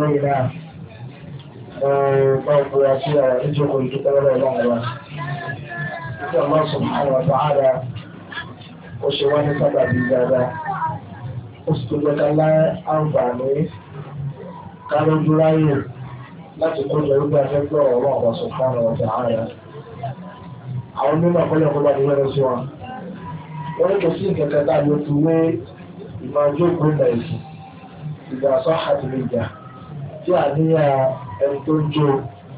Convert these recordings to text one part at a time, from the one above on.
lẹ́yìn náà ọ̀pọ̀ ọ̀pọ̀ àti àwọn ìjókòó ìdúpẹ́ lọ́wọ́ ọlọ́run wa. Ìjọ Allah subhanahu wa ta'ala ó ṣe wá ní sábàbí dáadáa. Ó sì tó gbẹ́ká láyé àǹfààní kálójú láyè láti kójọ wípé a fẹ́ ọ̀rọ̀ Allah subhanahu wa ta'ala. Àwọn mímọ̀ àkọ́lẹ̀kọ́ bá ti wẹ́rẹ́ sí wọn. Wọ́n ní kò sí ìkẹ̀kẹ́ tá a wé ìmọ̀ ojú òkú ìgbà ìgbà sọ́hà tí àníyàn ẹni tó ń jó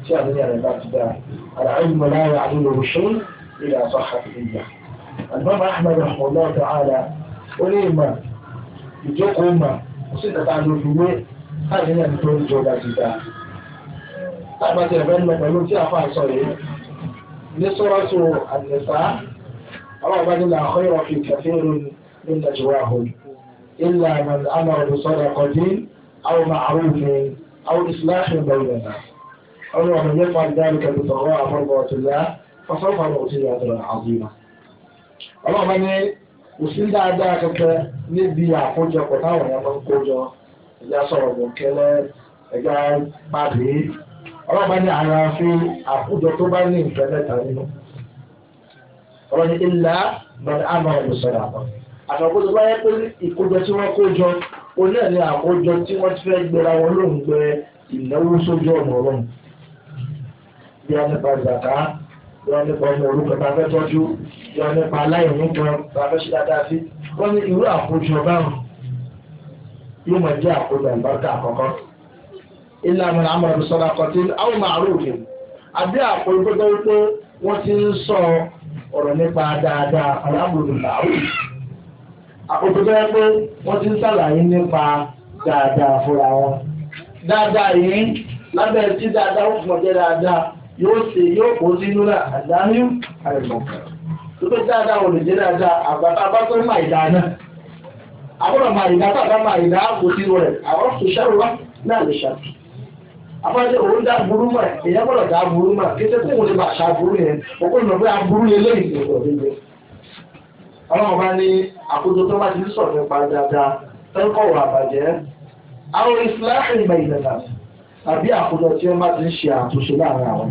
tí àníyàn rẹ̀ bá ti dáa العلم لا يعلمه شيء إلى صحة النية الإمام أحمد رحمه الله تعالى onímọ̀ ìjókòó mọ̀ kò sí ìtàkà ló fi wé àníyàn tó ń jó tí a fà sọ yìí ní àdìsá àwọn fi أو إصلاح بيننا أو من يفعل ذلك بتقوى فرضات الله فسوف نؤتي أجرا عظيما ọlọ́run ní kò sí dáadáa kankan níbi àkójọpọ̀ táwọn èèyàn máa ń kójọ ẹja sọ̀rọ̀ bọ̀kẹ́lẹ́ ẹja pàdé ọlọ́run ní àyàfi àkójọ tó bá ní nǹkan mẹ́ta nínú ọlọ́run ní ilà bàdà àmọ́ ọ̀rọ̀ sọ̀rọ̀ àbọ̀ àtàkójọ bá yẹ pé ìkójọ tí wọ́n kójọ oní ẹ̀ ní àkójọ tí wọ́n ti fẹ́ gbéra wọn ló ń gbé ìnáwó sójú ọ̀nà ọlọ́run bí wọ́n nípa zàká bí wọ́n nípa ọmọ orúkọ tá a fẹ́ tọ́jú bí wọ́n nípa aláìní kan tá a fẹ́ ṣe dáadáa sí wọ́n ní irú àkójọ báwọn yóò máa jẹ́ àkójọ àlùbáríkà àkọ́kọ́ ìlànà àmọ̀ràn sọ̀rọ̀ àkọ́tí àwọn màálù òkè àbí àkójọ tó wọ́n ti ń sọ ọ̀rọ̀ nípa dáadáa aláàbò àkókò tó yẹ pé wọ́n ti ń sàlàyé nípa dáadáa fúnra wọn. dáadáa yìí lábẹ́ tí dáadáa ó pọ̀ jẹ́ dáadáa yóò ṣe yóò kó sínú rẹ̀ àdáni àìmọ̀kà. tó tó dáadáa ò lè jẹ́ dáadáa àgbàtà bá tó máa ìdá náà. àbúrò máa ìdá tàbá máa ìdá kò sínú rẹ̀ àwọn sòṣàrò wa náà lè ṣàtú. àbájá òun dá burú mọ̀ èèyàn gbọ́dọ̀ dá burú mọ̀ kí ọlọ́run bá ní àkójọ tó bá ti ń sọ̀rọ̀ nípa dáadáa tẹ́kọ̀ọ́ àbàjẹ́ àwọn ìsìláàmù ìgbà ìdàgbà tàbí àkójọ tí wọ́n bá ti ń ṣe àtúnṣe láàárín àwọn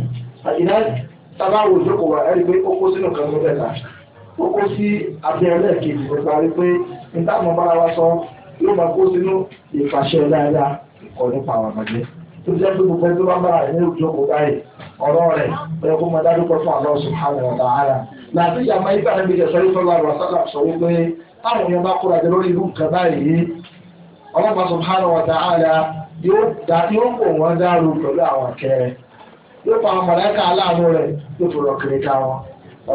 àyíná tábàwò ìjókòó wa ẹ̀rí pé ó kó sínú kan ló bẹ̀ta ó kó sí abẹ́rẹ́ kejì nípa rí pé nítàmú bára wa sọ yóò máa kó sínú ìfàṣẹ dáadáa ìkọ̀ nípa àwọn àbàjẹ́ tó jẹ́ pé gbogbo ẹgbẹ́ bá bára ẹ̀ ní ìjókòó báyìí ọ̀rọ̀ rẹ̀ ó làbí ìyàmá ibà níbi ìjọsọ yìí sọlá àrùn àsálà sọ wípé táwọn èèyàn bá kóra jẹ lórí irú nǹkan báyìí ọlọ́pàá subhanahu wa ta'ala yóò kó wọn dárò pẹ̀lú àwọn akẹrẹ yóò fa àwọn mọ̀lẹ́kà aláàánú rẹ̀ yóò tó lọ kiri ká wọn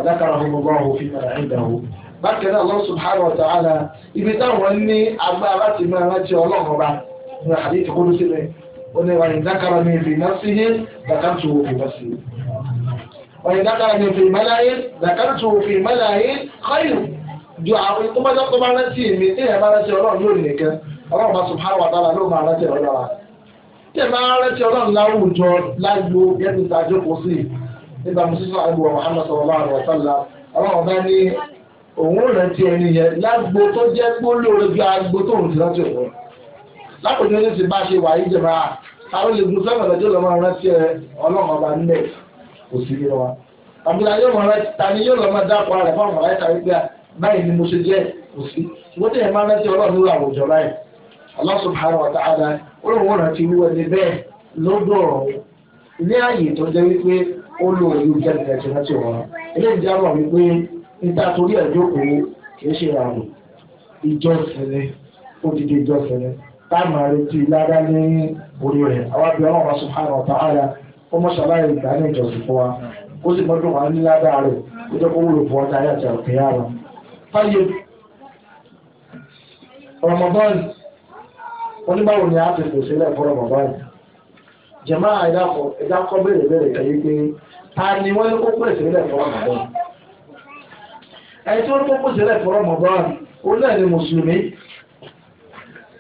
rẹ̀ fún gbogbo àwọn òfin bákan náà subhanahu wa ta'ala ibi táwọn ní agbára láti máa ní ó ní wàá وإن ذكرني في ملأ ذكرته في ملأ خير ju àwọn tó bá tó bá rántí mi tí ẹ bá rántí ọlọ́run yóò nìkan ọlọ́run bá subhanahu wa ta'ala ló máa rántí ọlọ́run wa tí ẹ bá rántí ọlọ́run láwùjọ lágbo yẹnu tá a jókòó sí nígbà mo sísọ àgbo Muhammad sallallahu alaihi wa sallam ọlọ́run bá ní òun rántí ẹni yẹn lágbo tó jẹ́ gbólóore ju agbo tó ń ti rántí òun lápòjọ́ ní ti bá ṣe wà yí jẹ̀mọ́ àwọn olùgbùn sọ́nà lọ́mọ rántí ọlọ́run ọba nílẹ̀ kò sí yé wa àbúrò ayé ọmọ rẹ ta ni yóò lọ máa dá àpò rẹ fáwọn ọmọ rẹ ta báyìí ni mo ṣe jẹ kò sí wọ́n tẹ̀ máa rántí ọlọ́run ní àwùjọ báyìí olóòwò ti ẹni bẹ́ẹ̀ lọ́dọ̀ ní ààyè tó jẹ́ wípé ó lo ìlú wípé níta torí ṣe rẹ̀ àwọn ọlọ́run kọmọ ṣàlàyé ìgbà ní ìjọsìn fún wa kó sì mọ́dún wa ní ládàá rẹ̀ kó jẹ́ kó wúlò fún ọjà ayé àti ọ̀kẹ́ yára. fáyé Ramadan oníbàwò ni a ti pèsè lẹ̀ fún Ramadan jẹ̀má ìdákọ̀ béèrè béèrè kẹ́yí pé ta ni wọ́n kó pèsè lẹ̀ fún Ramadan ẹni tí wọ́n kó pèsè lẹ̀ fún Ramadan ó náà ni mùsùlùmí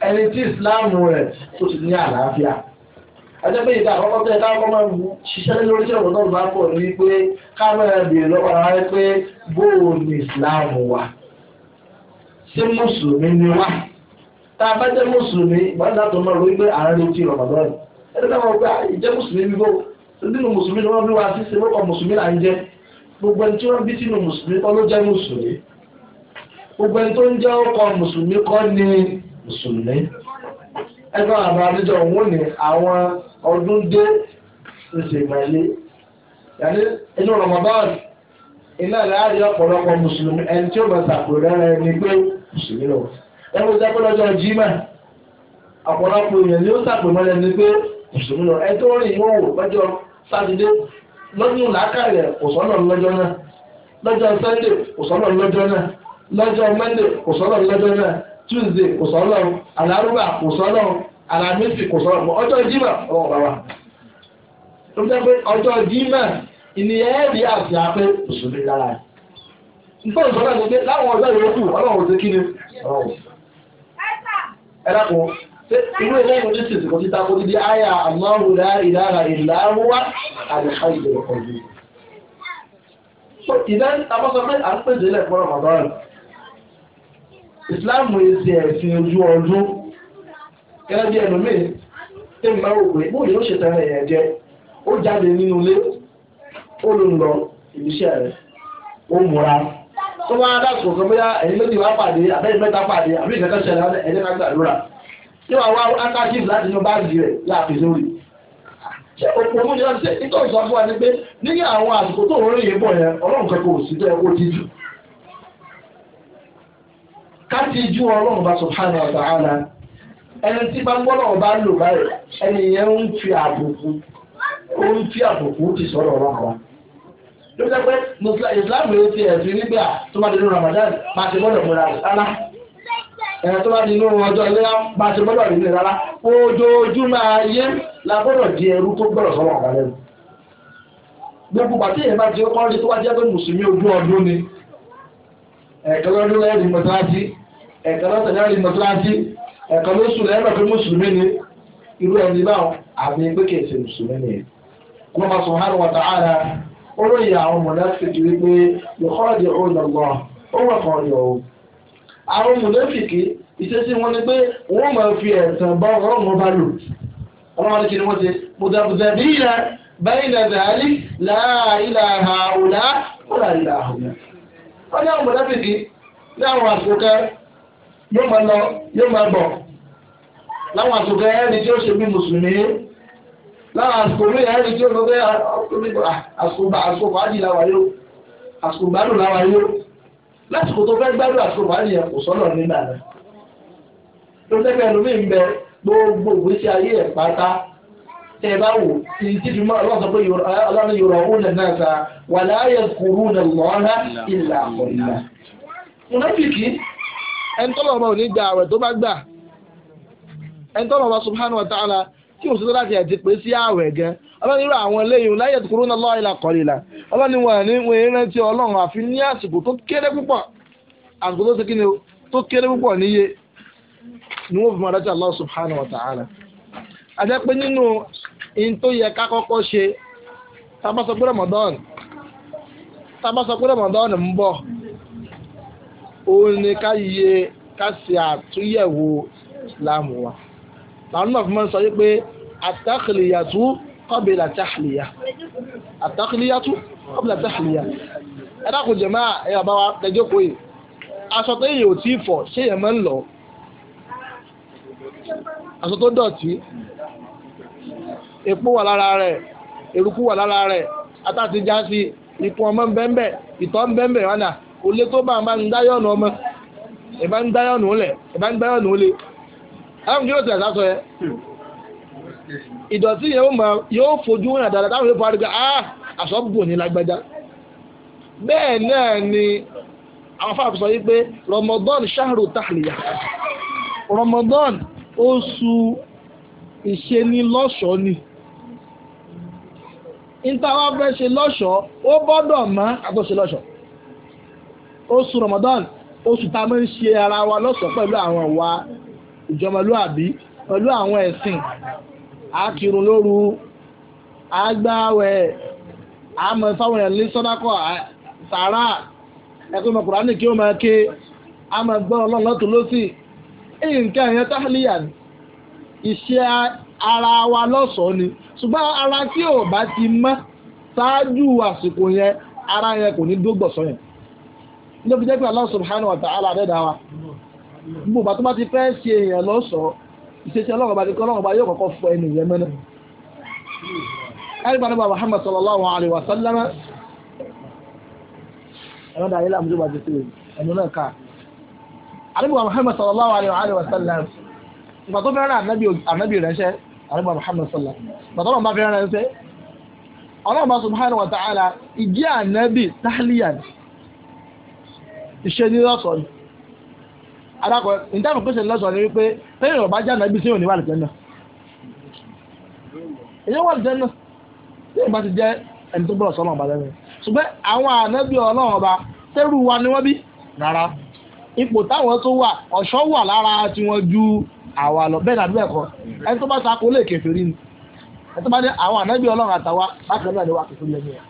ẹni tí ìsìláàmù rẹ̀ tó ti ní àlàáfíà ajẹ́pẹ́ ìta àkọ́kọ́ tẹ́ ká kọ́ máa ń ṣiṣẹ́ lórí tí ọ̀rọ̀ náà bá pọ̀ ní pé kámẹ́rà bèèrè lọ́wọ́ ara rẹ pé bóò ní Islam wà ṣé mùsùlùmí ni wá tá a bá jẹ́ mùsùlùmí wọ́n dá tó máa rò wípé àárín retí Ramadan ẹni ká mọ̀ pé ìjẹ́ mùsùlùmí bíbó nínú mùsùlùmí ni wọ́n bí wá sí ṣe lókọ̀ mùsùlùmí là ń jẹ́ gbogbo ẹni tí wọ́n bí sínú mùsùlùmí kọ́ ló jẹ́ mùsùlùmí ni mùsùlùmí ọdún dé oṣù ìmọ̀lẹ́ yàtí inú Ramadan iná láàrin ọ̀pọ̀lọpọ̀ mùsùlùmí ẹni tí ó máa ṣàpèrè rẹ ni pé mùsùlùmí lọ. ẹ mú sẹ́kọ́ lọ́jọ́ jimá ọ̀pọ̀lọpọ̀ èèyàn ni ó ṣàpèrè rẹ ni pé mùsùlùmí lọ. ẹ tó rìn yóò wò lọ́jọ́ sátidé lọ́dún lọ́jọ́ náà lọ́jọ́ lọ́jọ́ náà lọ́jọ́ lọ́jọ́ náà alámísì kò sọ̀rọ̀ mọ́ ọjọ́ jímọ̀ ọlọ́run bá wà. ó jẹ́ pé ọjọ́ jímọ̀ ìnìyẹn ẹ̀rí àti afẹ́ òṣèlú lára rẹ̀. nítorí ìṣọ́lá ni pé láwọn ọjọ́ yòókù ọlọ́run ti kí ni ọlọ́run. ẹ dákun ṣé inú ilé ìwé ní sèṣì kò ti ta kó dídí àyà Allahu la ilaha illa huwa al-hayy al-qayyum. ìdá abọ́sọ pé à ń pèsè ilẹ̀ fún ọmọdọ́rùn-ún. ìsìláàmù ẹ̀sìn ẹ̀sìn ojú ọdún gẹ́gẹ́ bí ẹnu mi tèmi máa rò pé bóyá ó ṣètò ẹ̀rẹ̀ yẹn jẹ́ ó jáde nínú ilé ó ló ń lọ ìbíṣẹ́ rẹ̀ ó múra tó bá dàsù kan bóyá ẹ̀yin méjì wá pàdé àbẹ́yìn mẹ́ta pàdé àbí ìkẹ́kẹ́ ṣẹlẹ̀ gbàdúrà wá láti inú báàgì rẹ̀ láàfin lórí ṣé òpó mú ṣe nítorí sọ fún wa ni pé nígbà àwọn àsìkò tó ń rí bọ̀ yẹn ọlọ́run kankan ò sí ẹni tí bá ń gbọ́dọ̀ ọba ń lò báyìí ẹni yẹn ń fi àbùkù ó ń fi àbùkù ti sọ̀rọ̀ ọ̀rọ̀ kan. ló jẹ́ pé ìsìláàmù yìí ti ẹ̀sìn nígbà tó bá di inú Ramadan máa ti gbọ́dọ̀ múra rẹ̀ rárá ẹ̀rọ tó bá di inú ọjọ́ ìlera máa ti gbọ́dọ̀ nílẹ̀ rárá ojoojúmọ́ ayé la gbọ́dọ̀ di ẹrú tó gbọ́dọ̀ sọ̀rọ̀ ọ̀gá lẹ́nu. gbogbo pàtí èèyàn bá ti kọ́ rí tó wá jẹ́ pé mùsùlùmí ojú ọdún ni ẹ̀ẹ̀kan lọ́dún lẹ́yìn mọ́tíláṣí ẹ̀ẹ̀kan lọ́tẹ̀lẹ́yìn mọ́tíláṣí ẹ̀kan ló sùn lẹ́yìn pé mùsùlùmí ni irú ẹni náà àmì pé kì í ṣe mùsùlùmí ni kó máa sọ hàn wọ́n tààrà ó lóye àwọn mọ̀lẹ́fìkì wípé lọ́kọ́rọ̀dì ọ̀nàgbọ́ ó wà fún ọ̀yọ́ o àwọn mọ̀lẹ́fìkì ìṣesí wọn ni pé wọ́n máa fi ẹ̀sán bá ọlọ́run bá lò ọlọ́run kì í wọ́n ṣe mùdàbùdàbí ilẹ̀ bẹ́yìn nàzàálì láàílà àhàùlá ó láàílà àhàùlá wọ́n ní àwọn mọ̀lẹ́fìkì ní àwọn àsìkò yóò máa lọ yóò máa bọ̀ láwọn àtòkè ẹni tí ó ṣe bí mùsùlùmí láwọn àsìkò ní ẹni tí ó lọ ah, bẹ ah, àsìkò fàájì làwà làwà lásìkò tó fẹ́ gbádùn sọ́nà nígbà rẹ̀ tẹ́gbẹ́ ń bẹ gbogbo ìgbésí ayé ẹ̀ pátá tẹ́ ẹ bá wò fi mọ́ pé ah, ọlọ́run yorùbá lẹ̀ náà kúrú nà ẹni tọ́lọ̀ ọba ò ní gba àwẹ̀ tó bá gbà ẹni tọ́lọ̀ ọba subhanahu wa ta'ala tí o sọ́dọ̀ láti ẹ̀dí pé sí àwẹ̀ gan ọlọ irú àwọn eléyìí láyé kúrú náà lọ́ọ́ ìlà kọ́lìlà ọlọ́ni wọn ní wọn rántí ọlọ́run àfi ní àsìkò tó kéré púpọ̀ àsìkò tó tó kéré púpọ̀ níye ni wọ́n fi máa subhanahu wa ta'ala. tó òun ni ká yẹ ká ṣe àtúnyẹ̀wò islam wa làwọn náà fi máa ń sọ yí pé àtàkìlìyàtú kọ́bìlà tàhìlìyà àtàkìlìyàtú kọ́bìlà tàhìlìyà ẹ dákun jẹ̀mọ́ ẹ bàbá wa lẹ́jọ́ kò yìí aṣọ tó yẹ ò tí ì fọ̀ ṣé yẹn máa ń lọ aṣọ tó dọ̀tí epo wà lára rẹ̀ eruku wà lára rẹ̀ atá ti já sí ipò ọmọ ń bẹ́ńbẹ́ ìtọ́ ń bẹ́ńbẹ́ wọn kò lé tó bá ń bá ń dáyọ̀nù ọmọ ìbá ń dáyọ̀nù lẹ̀ ìbá ń dáyọ̀nù lé ẹ̀rọ kí ló tẹ̀ sásọ yẹ. ìdọ̀tí yẹn ó mọ yóò fojú hàn dáadáa táwọn yóò fọ àdúgbò ah àṣọ bò ní lágbájá bẹ́ẹ̀ náà ni àwọn fáwọn sọ yìí pé Ramadan ṣáàrò tàlìyà Ramadan oṣù ìṣenilọ́ṣọ̀ọ́ ni ìtawà fẹ́ ṣe lọ́ṣọ̀ọ́ ó bọ́dọ̀ mọ́ àtúnṣe lọ́ṣọ̀ọ́ oṣù Ramadan oṣù tá a máa ń ṣe ara wa lọ́sọ̀ọ́ pẹ̀lú àwọn ọwa ìjọmọlúàbí pẹ̀lú àwọn ẹ̀sìn àkìrun lóru àgbàwẹ̀ àmọ́ fáwọn èèyàn sọ́dákọ̀ sàárà ẹ̀kọ́ ìmọ̀ kùránì kí ó máa ké àmọ́ ọlọ́run lọ́tún ara wa lọ́sọ̀ọ́ ni ṣùgbọ́n ara tí ò bá ti mọ́ ṣáájú yẹn ara yẹn kò ní yẹn. ní òbí jẹ́pẹ́ Allah subhanahu wa ta'ala àdẹ́dà wa gbogbo bàtú bá ti fẹ́ ṣe èèyàn lọ́sọ̀ọ́ ìṣesí ọlọ́run bá ti kọ́ ọlọ́run bá yóò kọ́kọ́ fọ ẹnu ìyẹn mẹ́nu. ẹgbẹ́ nípa Muhammad sallallahu alayhi wa sallam ẹ̀rọ dàrí làmúdó bá ti ṣe ẹnu náà ká. àdébùwà Muhammad sallallahu alayhi wa sallam ìgbà tó fẹ́ràn ànábì ránṣẹ́ àdébùwà Muhammad sallallahu ìgbà tó lọ́n bá subhanahu wa ta'ala ìjẹ́ ànábì tahliyan iṣẹ́ ní lọ́sọ̀ọ́ ni alákọ̀ọ́ ìdáhùn pèsè lọ́sọ̀ọ́ ni wípé lẹ́yìn ọ̀bá jáde ibi tí yóò ní wà lùjẹ́ náà èyí wà lùjẹ́ náà lẹ́yìn bá ti jẹ́ ẹni tó gbọ́dọ̀ sọ́nà ọ̀bá lẹ́nu ṣùgbọ́n àwọn ànábì ọlọ́run ọba tẹ́rù wa ni wọ́n bí rárá ipò táwọn tó wà ọ̀ṣọ́ wà lára tiwọn ju àwa lọ bẹ́ẹ̀ nàbí ẹ̀kọ́ ẹni tó bá ta kó lè kèfèrí ni ẹni tó bá ní àwọn ànábì ọlọ́run àtàwa bákan náà ni wà kèfèrí lẹ́nu yẹn.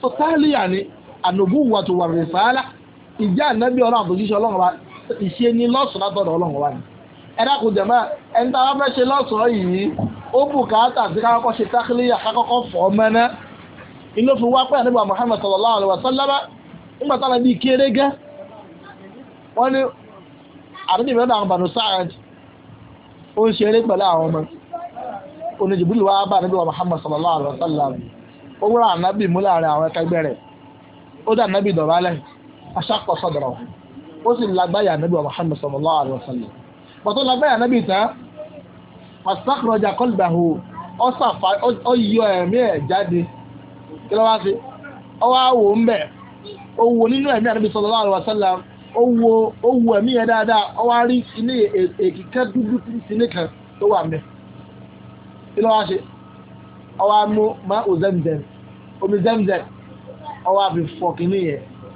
tó táàlì yà ni ànàbù wà tó wà rẹ̀ fàálà ìjà ànábì ọ̀rọ̀ àbòjíṣẹ́ ọlọ́run wa ìṣe ni lọ́sùn látọ̀dọ̀ ọlọ́run wa ni ẹ dákun jẹ̀mọ́ ẹni tá a bá fẹ́ ṣe lọ́sọ̀ọ́ yìí ó bùkátà sí kákọ́kọ́ ṣe tákìlíyà kákọ́kọ́ fọ́ mẹ́nẹ́ inú fi wá pé ànábì Muhammad sallallahu alaihi wasallam nígbà táwọn bíi kéré gẹ́ wọ́n ní àdúgbò ìbẹ̀rẹ̀ àwọn bànú sáàd ó ń ṣeré pẹ̀lú àwọn ọmọ oníjìbìlì wa bá ànábì Muhammad sallallahu alaihi wasallam ó wúra ànábì mú láàrin àwọn ẹ̀kẹgbẹ́ rẹ̀ ó dá ànábì dọ̀bálẹ̀ aṣáko sọdọrọ ó sì lágbáyà anabi muhammed sallallahu alayhi wa sallam pàtó lágbáyà anabi tán pàṣípàkìrọjà kọlùbàhù ó sàfà ó yọ ẹ̀mí ẹ̀ jáde kí ló wá sí ó wá wò ń bẹ ó wo nínú ẹ̀mí anabi sallallahu alayhi wa sallam ó wo ó wo ẹ̀mí yẹn dáadáa ó wá rí ilé e, èkìkẹ dúdú sílé kan tó wà mẹ kí ló wá sí ó wá mú má ò zẹmzẹm omi zẹmzẹm ó wá fi fọ kínní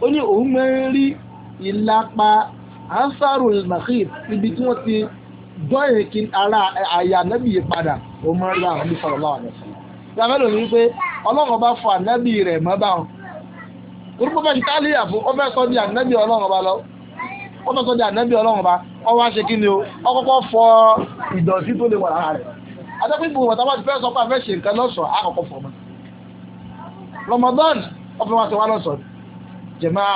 ó ní òun máa rí ìlapa ansarul mahid ibi tí wọ́n ti dọ́yìn kí ara àyà ànábì yìí padà òun máa ń àwọn onífàlọ́ láwọn ọ̀nà sí i. ìyá mẹ́lòó ọlọ́run ọba fọ ànábì rẹ̀ mọ́ bá wọn. orúkọ bẹ́ẹ̀ ní táàlìyà fún ó fẹ́ sọ di ànábì ọlọ́run ọba lọ ó fẹ́ sọ di ànábì ọlọ́run ọba ó wá ṣe kí ni o ó kọ́kọ́ fọ ìdọ̀tí tó lè wà lára rẹ̀. adẹ́pẹ́ ìbùkún bàtà bá ti fẹ́ sọ pé àfẹ́ ṣe nǹkan lọ́sọ̀ọ́ jẹ̀máà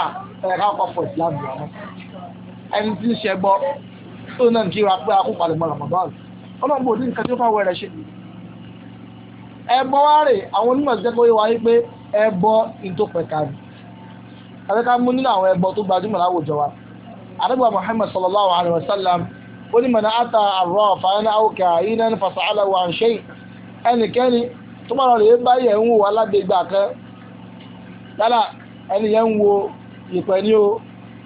ẹ̀rẹ̀ ká kọ́ fún ìsìlámù rẹ̀ náà ẹni tí ń ṣe gbọ́ tó náà ń kíra pé akó palẹ̀ mọ́ Ramadan ọlọ́run bò ní nǹkan tí ó fáwọn ẹ̀rẹ̀ ṣe. ẹbọ wá rè àwọn onímọ̀ ìṣẹ́ kóyé wáyé pé ẹbọ ìtòpẹ̀ka ni àti ká mú nínú àwọn ẹbọ tó gbajúmọ̀ láwùjọ wa àdúgbò Muhammad sallallahu alayhi wa sallam ó ní mọ̀nà àtà àrọ̀ fàánà àwòkà yìí náà fàṣàlà wà ń ṣe ẹnikẹ́ni tó bá lọ rè é ń wò wá ládé gbà kan yálà ẹni yẹn ń wo ìpẹ́ ní o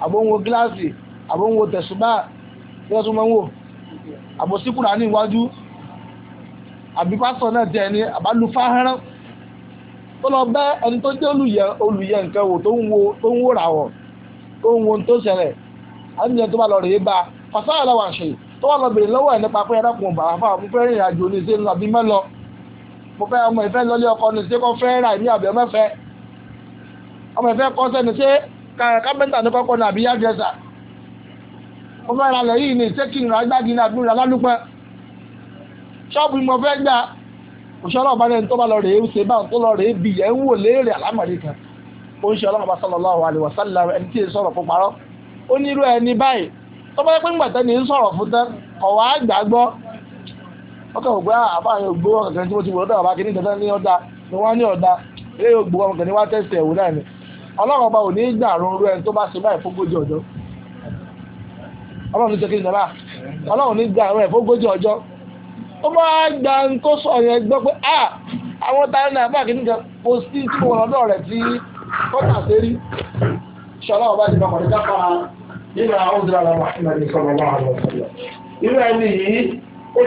àbó ń wo gíláàsì àbó ń wo tẹ̀sùbá tí wọ́n tún máa ń wò àbò síkùrà ní iwájú àbí pásítọ̀ náà jẹ́ ẹni àbálù fáhárán tó lọ bẹ́ ẹni tó jẹ́ olùyẹ olùyẹ nǹkan wò tó ń wo tó ń wòrà wọ̀ tó ń wo tó ṣẹlẹ̀ àbíyẹn tó bá lọ rèé ba fàṣáyà lọ́wọ́ àṣẹ tó wà lọ bèrè lọ́wọ́ ẹ̀ nípa pé ẹ̀rọ kùn bàbá fáwọn mo fẹ́ rìnrìn àjò ní ìṣe ńlọ àbí mẹ́lọ mo fẹ́ ọmọ ní ìṣe ọ ìfẹ́ kọ́ sẹ́ni ṣé kápẹ́ntà ní kọ́kọ́ nàbí yá dẹ́sà mo fẹ́ ra lẹ̀ yìí ní ṣé kí n ra gbági ní àbúrò lálálùpẹ́ ṣọ́ọ̀bù mo fẹ́ gbà òṣèlú ọba náà tó bá lọ rèé ṣe bá tó lọ rèé bì ẹ̀ ń wò léèrè àlámọ̀rí kan ó ń ṣe ọlọ́mọba sallallahu alaihi wasallam ẹni tí ì sọ̀rọ̀ fún parọ́ ó ní ẹni báyìí tó bá yẹ pé ńgbà tẹ́ni ń sọ̀rọ̀ fún tẹ́ ọ̀wá gbàgbọ́ ọkọ̀ ògbó ah, àbáyọ̀ ògbó ọkọ̀ kẹrin tí mo ti ọlọ́run ọba ò ní gbà àrùn orú ẹni tó bá ṣe báyìí fógójì ọjọ́ ọlọ́run ní jẹ́ kí ọlọ́run ní gbà ọjọ́ ó máa gba sọ yẹn gbọ́ pé a ah, àwọn táyà náà bá kìíní kan tí lọ́dọ̀ rẹ̀ tí kọ́tà ṣe ọba ti nínú àwọn ó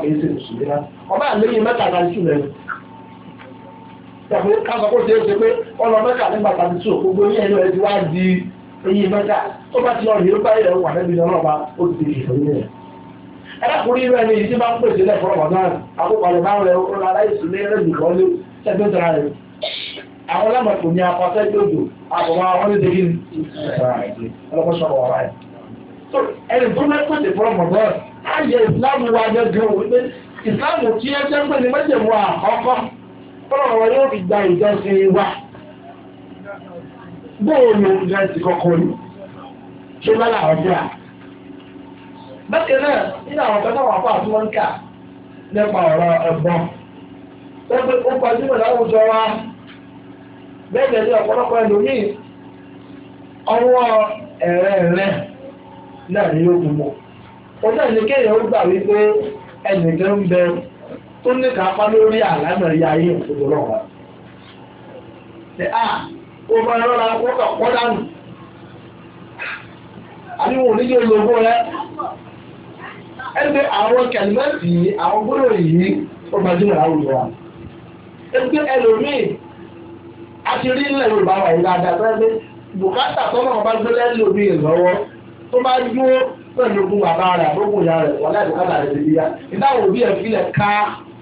ti ṣe ní ọba tó tẹ̀fọ́ káfọ kó ṣe é ṣe pé ọlọ mẹ́ta nígbà tàbí tó gbogbo yín ẹ̀rọ ẹ̀ ti wá di eyín mẹ́ta tó bá ti lọ rí ó bá ilẹ̀ wà níbi ní ọlọ́ba ó ti di ìfẹ́ yín rẹ̀. ẹlẹ́kùnrin rẹ̀ ni ìdí máa ń pèsè lẹ́fọ́ ọ̀rọ̀ náà àkókò àlọ́ máa ń rẹ̀ ó rárá ìsúlé rẹ̀ nìkan lé ṣẹ́gbẹ́ tara rẹ̀ àwọn lámàtò ní apasẹ́ gbòdò àbọ̀wá wọn ní ọlọ́pọ̀ṣọ́ ọ̀rọ̀ rẹ̀. ẹni tó mẹ́kọ̀ tẹ̀ fọ́lọ́ tọ́lọ̀ wọn yóò fi gba ìjọsìn wa bóòlù ìjọ ti kọ́kọ́ ni ṣé lọ́la ọ̀dà bákan náà nínú àwọn kan náà wà fún àtúwọ́nkà nípa ọ̀rọ̀ ẹ̀bọn wọ́n pe ó gbajúmọ̀ láwùjọ wa bẹ́ẹ̀ bẹ́ẹ̀ ní ọ̀pọ̀lọpọ̀ ẹlòmíì ọwọ́ ẹ̀rẹ́ ẹ̀rẹ́ náà ni yóò kú mọ́ òun náà ní kéèyàn ó gbà wípé ẹnìkan ń bẹ tó ní kápá lórí àlámọ̀rí ayé òṣèlú lọ́wọ́. Ṣé à ó bá lọ́la kọ́kà kọ́dánù? Àníwò ní yóò lògbó rẹ. Ẹgbẹ́ àwọn kẹ̀lẹ́tì àwọn gbọ́dọ̀ yìí ó gbajúmọ̀ láwùjọ wa. Ẹgbẹ́ ẹlòmíì a ti rí ilẹ̀ Yorùbá wà yìí dáadáa tó ẹgbẹ́ bùkátà tọ́nà ọba gbẹ́lẹ́ lóbi ìlọ́wọ́ tó bá dúró pẹ̀lú ogun bàbá rẹ̀ àbógun ìyá rẹ̀ wọlé àbùkátà rẹ̀ ti di ya. Ìdáwò bí ẹ̀ fi lẹ̀ ká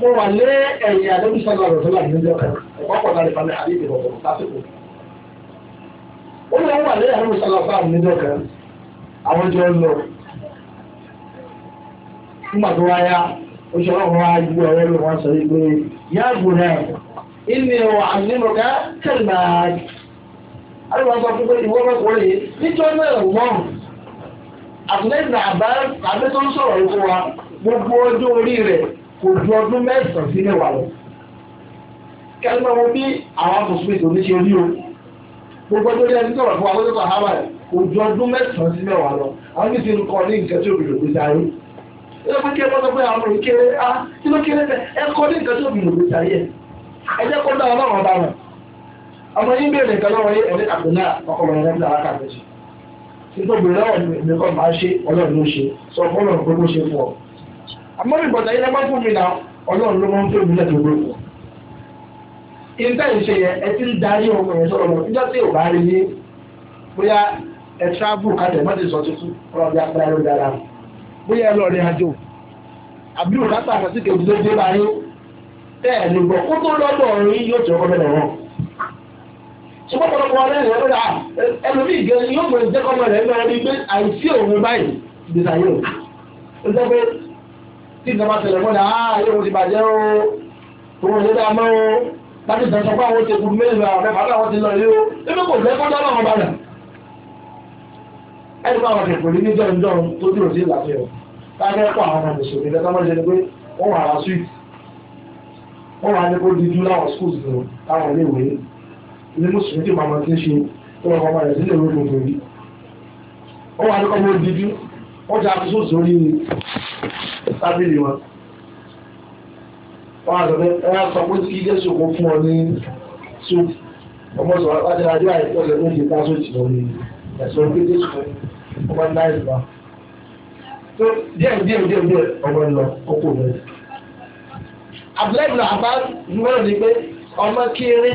mo wà lé ẹ̀yìn àdébí sọ́dọ̀ ọ̀rọ̀ láti níjọ́ kan ọ̀pọ̀ náà na àbí ìdìbò ọ̀pọ̀ lásìkò. ó lọ wà lé àdébí sọ́dọ̀ ọ̀pọ̀ àbí níjọ́ kan àwọn jọ ń lọ. nígbà tó wáyá oṣù ọlọ́run wá ju ọ̀rẹ́ ló wọ́n sọ wípé yáàbù náà ìní ọ̀ àmínúkà sọ fún pé níjọ́ náà kò ju ọdún mẹ́sàn-án sí mẹ́wàá lọ. kẹ́lẹ́ wọn bí àwọn mùsùlùmí tó ní ṣe rí o gbogbo tó yẹ nítorí fún àwọn tó hàbà kò ju ọdún mẹ́sàn-án sí mẹ́wàá lọ àwọn ní ti ń kọ́ ní nǹkan tí òbí lòdì sáré. ẹ fún kí ẹ bọ́ sọ pé àwọn òbí kéré á ah, kí ló kéré bẹ́ẹ̀ ẹ kọ́ ní nǹkan tí òbí lòdì sáré ẹ ẹ jẹ́ kó dára náà ọ̀dà wọn. ọmọ yín bèèrè nǹkan lọ́wọ́ yé ẹ̀rí àgbẹ̀nà ọkọ̀ wọn ẹ̀rẹ́ nígbà alákàtúnṣe. nítorí àmọ́ ìgbọ̀dọ̀ yìí lẹ́gbọ́n fún mi náà ọlọ́run ló máa ń fẹ́ mi lẹ́nu gbogbo. ìta ìṣe yẹn ẹ ti ń darí ọmọ yẹn sọ̀rọ̀ lọ níjọ́ tí ò bá rí ní bóyá ẹ travel kàtẹ́ mọ́tì sọ tuntun ọ̀rọ̀ bí apẹ́ ayọ̀ dára bóyá ẹ lọ rí àjò àbí òkàtà àti kejì ló dé báyé tẹ́ ẹ̀ lè gbọ́ kó tó lọ́dọ̀ rí yóò tẹ́ ọkọ mẹ́lẹ̀ wọn. ṣùgbọ́n pọ̀lọpọ̀ ọlẹ́rìn ẹ̀rọ dà ẹlòmíì gẹ̀ yóò mọ̀ ìjẹ́kọ̀ọ́ mọ̀ rẹ̀ mẹ́rin pé àìsí òun báyìí ìgbésà yóò. ó jẹ́ pé tí ìjọba tẹ̀lẹ̀ fún ní ààrẹ òun ti bàjẹ́ o òun lè dáa mọ́ o láti ìtàn sọ àwọn ti mẹ́rin àwọn mẹ́fà láwọn ti lọ yìí o ebi kò fẹ́ kọ́dá náà bàdà ẹni bá wọn kẹ̀ pẹ̀lú ní jọ̀njọ́ tó dúró sí ìlàfẹ́ o láti ẹ̀kọ́ àwọn ọmọ mùsùlùmí lẹ́tọ́ mọ́ ṣẹlẹ̀ pé wọ́n wà lásù wọ́n wà ní kó dídú láwọn skools nù láwọn ilé mùsùlùmí tí màmá ti ń ṣe tó wọ́n kọ́ wọ́n ti àtúnṣe sórí tábìlì wọn. wọ́n á sọ pé ẹ á sọ pé kí jésù kó fún ọ ní sóòtù ọmọ sọ láti adé àìsàn ọ̀sẹ̀ méje ká sóòtù lọ ní ẹ̀sọ́ pé jésù kó ọmọ ní láì bá. tó díẹ̀ díẹ̀ díẹ̀ díẹ̀ ọmọ ń lọ kókó rẹ̀. àbúlẹ̀ ìlú àbá ń wọ́n ní pé ọmọ kéré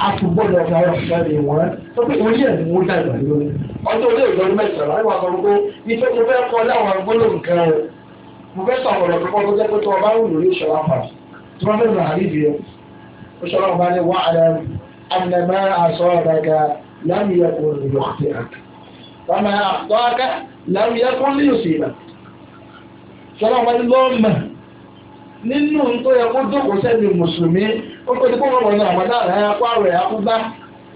a tún gbọ́dọ̀ ọ̀gá ọ̀rọ̀ ìṣẹ̀lẹ̀ wọn tó pé orí ẹ̀ ni wọ́n dàgbà lórí ọjọ́ ilé ìjọba mẹ́sàn-án wà sọ pé iṣẹ́ mo fẹ́ kọ́ láwọn gbólóhùn kan o mo fẹ́ sọ ọ̀rọ̀ tó kọ́ tó jẹ́ pé tó ọba ń lòrí ìṣọ̀rọ̀ àpà tí wọ́n mẹ́rin àríbi ẹ̀ ó ṣọ̀rọ̀ ọba ní wà á ànàmá àṣọ àdàgà lámìyẹ̀kùn ìyọ̀kùtì àkà wàmà àtọ́ àkà lámìyẹ̀kùn ní òsì nínú tó yẹ kó dókòó sẹ́ni mùsùlùmí ó tó ti kó wọn ní àwọn náà ẹ̀yà kó àwẹ̀ àkúgbá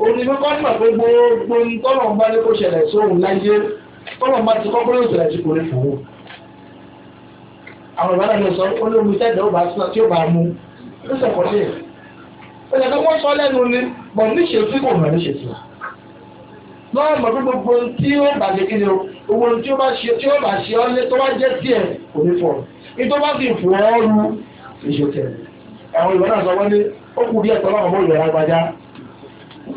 òní mi kọ́ nígbà pé gbogbo tọ́lọ̀ ń bá ní kó ṣẹlẹ̀ sóhun láyé tọ́lọ̀ ń bá ti kọ́ pé yóò ṣẹlẹ̀ sí kò ní fòwò. àwọn ìbára ni. sọ olómi tẹ́tẹ́ ó bá sọ tí ó bá mú ó sì kọ́ sí ẹ̀. ó yẹ kí wọ́n sọ lẹ́nu ni bọ̀ níṣe tí kò mọ̀ níṣe tí. lọ́wọ́ mọ̀ pé gbogbo tí ó bàjẹ́ kí ni o owó tí ó bá ṣe tí ó bá ṣe ọ́ lé tó bá jẹ́ tiẹ̀ kò ní fọ̀ ní tó bá sì fọ̀ ọ́ lu ìṣó tẹ̀ àwọn ìwé náà sọ wọ́n ní ó kù bí ẹ̀tọ́ láwọn ọmọ agbájá ó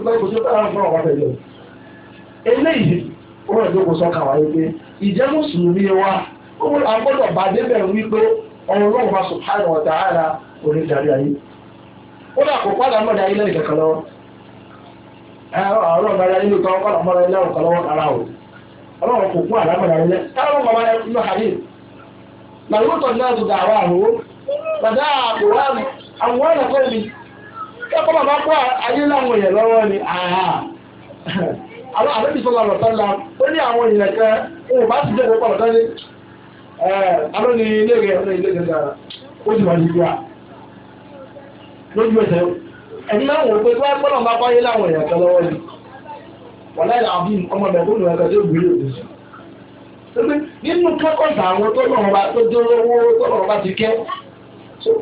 rẹ̀ lóko pé ìjẹ́ mùsùlùmí wa a gbọ́dọ̀ bá débẹ̀ wípé bá wa ayé ó dà kó mọ́dà ayé kankan lọ́wọ́ ayé mọ́dà ọlọ́run kò fún àlámọ̀dá rẹ̀ káwọn bàbá rẹ̀ nínú hadith màlúùtọ̀ náà ti dàwọ́ àhó bàdá àkùrá àwọn ọ̀nà tó mi kẹ́kọ̀ọ́ bàbá kọ́ ayé láwọn èèyàn lọ́wọ́ ni àhà àwọn àbẹ́bí ó ní àwọn èèyàn bá ti jẹ́ ilé rẹ̀ ilé rẹ̀ dára wọ̀láyà àbí ọmọ mẹ̀kúnnù ẹ̀ka tó gbé òde sí. pé nínú kẹ́kọ̀ọ́sà àwọn tó lọ́wọ́ bá tó dé owó tó lọ́wọ́ bá ti kẹ́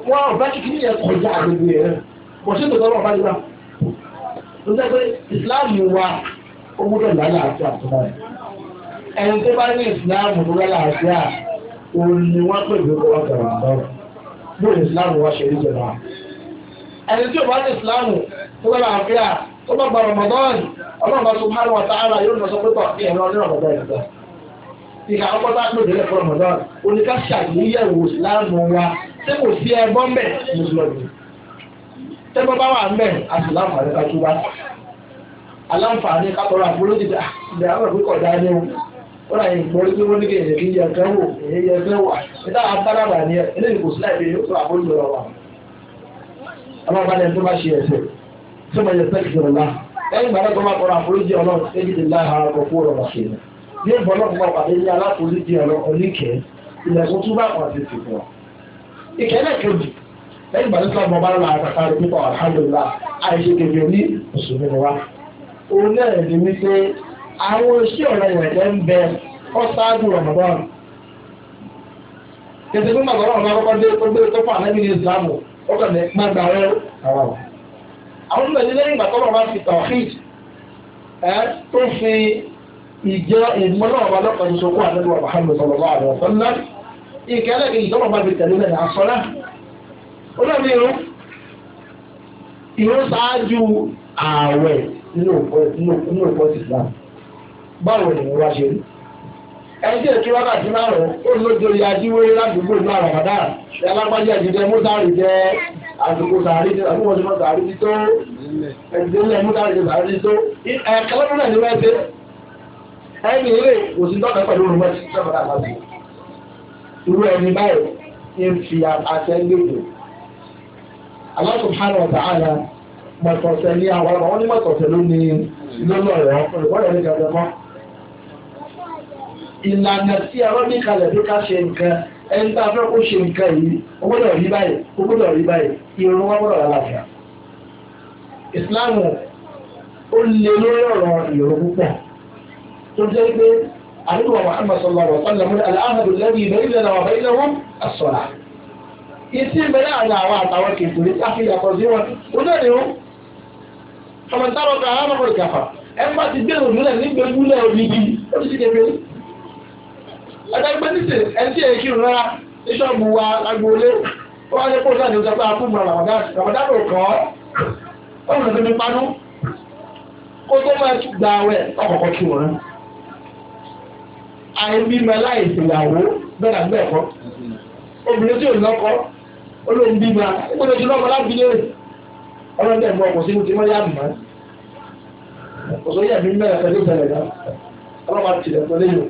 wọ́n ọ̀bá kíkí ní ẹ̀kọ́ já àgbègbè rẹ̀ kò sí tòótọ́ lọ́wọ́ bá ti rà. tó jẹ́ pé ìsìláàmù wa owó tó lálẹ́ àti àtúnbá rẹ̀. ẹni tó bá ní ìsìláàmù tó lálẹ́ àti à òun ni wọ́n pè mí kó wọ́n é jẹ náà tó bá gba rọmọdọ́ọ̀nì ọlọ́run bá tún márùn ọ̀tá ara yóò lọ sọ pé tọ̀ kí ẹ̀rọ ní rọmọdọ́ọ̀nì gbà. ìhà ọkọ tá a pè délẹ̀ fún rọmọdọ́ọ̀nì oníká ṣàgbéyẹ̀wò láàmú wa ṣé kò sí ẹbọ mbẹ mùsùlùmí tẹ́gbọ́n bá wà mbẹ àti láǹfààní ká túbá aláǹfààní ká tọrọ àforíjì ah, ìdá àwọn ìpínkọ̀ dání o ó ni ẹ eléyìí kò sí láì fi yóò tọrọ àforíjì lọ wà. ọlọ́run tó mọ̀ yẹn tẹ́kì sọ̀rọ̀ náà lẹ́yìn ìgbà lọ́gbọ́n máa kọ́ra àforíjì ọlọ́run ṣéjì ti láì ara ọkọ̀ kúrò ọ̀rọ̀ ṣe ní ìbọn náà máa pàdé ní aláforíjì ọ̀rọ̀ oníkẹ́ ilẹ̀kùn tún bá kàn sí ti fún ọ. ìkẹ́ náà kejì lẹ́yìn ìgbà lọ́gbọ́n máa bá lọ́la àtàkà rẹ̀ pípa alhamdulillah àìṣe kejì ní mùsùlùmí wa. òun náà ní wípé àwọn iṣẹ́ ọ̀rẹ́ ìrẹ̀lẹ̀ ń bẹ ọ́ sáájú Ramadan kẹsìkú màgbọ́n ọ̀nà ọkọ̀ dé tó gbé tó fún àlẹ́ mi ní ìsìlámù ọkọ̀ ní gbàgbà rẹ̀ àwọn àwọn àwọn tó lẹ́yìn lẹ́yìn ìgbà tó lọ́wọ́ bá fi tàwáfíìd ẹ tó fi ìjẹ́ ìmọ́lọ́wọ́ bá lọ́kàn ìṣokú àdébọ̀ Muhammad sallallahu alaihi wasallam ìkẹ́lẹ́ kejì tó lọ́wọ́ bá fi tẹ̀lé lẹ́yìn àsọ́lá olóòbí irun irun ṣáájú ààwẹ̀ nínú òpó ìsìlá báwo ni wọ́n wá ṣe rí ẹjẹ tí wọn bá ti máa rọ ó lójó ya jíwé ládùúgbò ní àràmàdà alágbájá àdúgbò sàárì tí àdúgbò ti mọ sàárì tí tó ẹ̀dínlẹ̀ mútàrí ti sàárì tí tó ẹ̀kẹ́lẹ́dún náà ní wọ́n ṣe ẹ̀yìn ilé òsì tọ́ka pẹ̀lú òun wọ́n ti sọ́kọ̀tà àbájá irú ẹni báyìí ń fi àṣẹ gbèdè Allah subhanahu wa ta'ala mọ̀tọ̀ọ̀sẹ̀ ní àwọn ọmọ wọn ní mọ̀tọ̀ọ̀sẹ̀ ló ní lọ́lọ́ rẹ̀ ọ̀pọ̀lọpọ̀ rẹ̀ ní gàdọ̀ mọ́ ìlànà tí ẹ̀rọ ní kalẹ̀ bí ká ṣe nǹkan ẹni tá a fẹ́ kó ṣe nǹkan yìí ó gbọ́dọ̀ rí báyìí ó gbọ́dọ̀ rí báyìí ìrún wọn gbọ́dọ̀ lálàáfíà. ìsìláàmù ó lé lórí ọ̀rọ̀ ìrún púpọ̀ tó jẹ́ pé àdúgbò Muhammad sallallahu alaihi wa sallam aláhàbù lẹ́bi ìbẹ̀rẹ̀ náà wà bẹ́ẹ̀ lọ́wọ́ àsọ̀rà. ìsìn ìbẹ̀rẹ̀ àná àwọn àtàwọn kìtìrì sáfìyà kan sí wọn náà ni ẹgbẹ́ pé nísì ẹni tí èyí kírun rárá ní ṣọ́ọ̀bù wa agboolé ó wá ní kó ní o pé akú mọ ramadan ọ́ ó fi mi panú kó tó máa gba awẹ́ ọkọ̀ọ̀kọ̀ kí wọ́n bẹ́ẹ̀ bẹ́ẹ̀ kọ́ obìnrin tí ò olóhùn ìpínlẹ̀ tí láti lè ọkọ̀ sínú tí wọ́n yá mọ́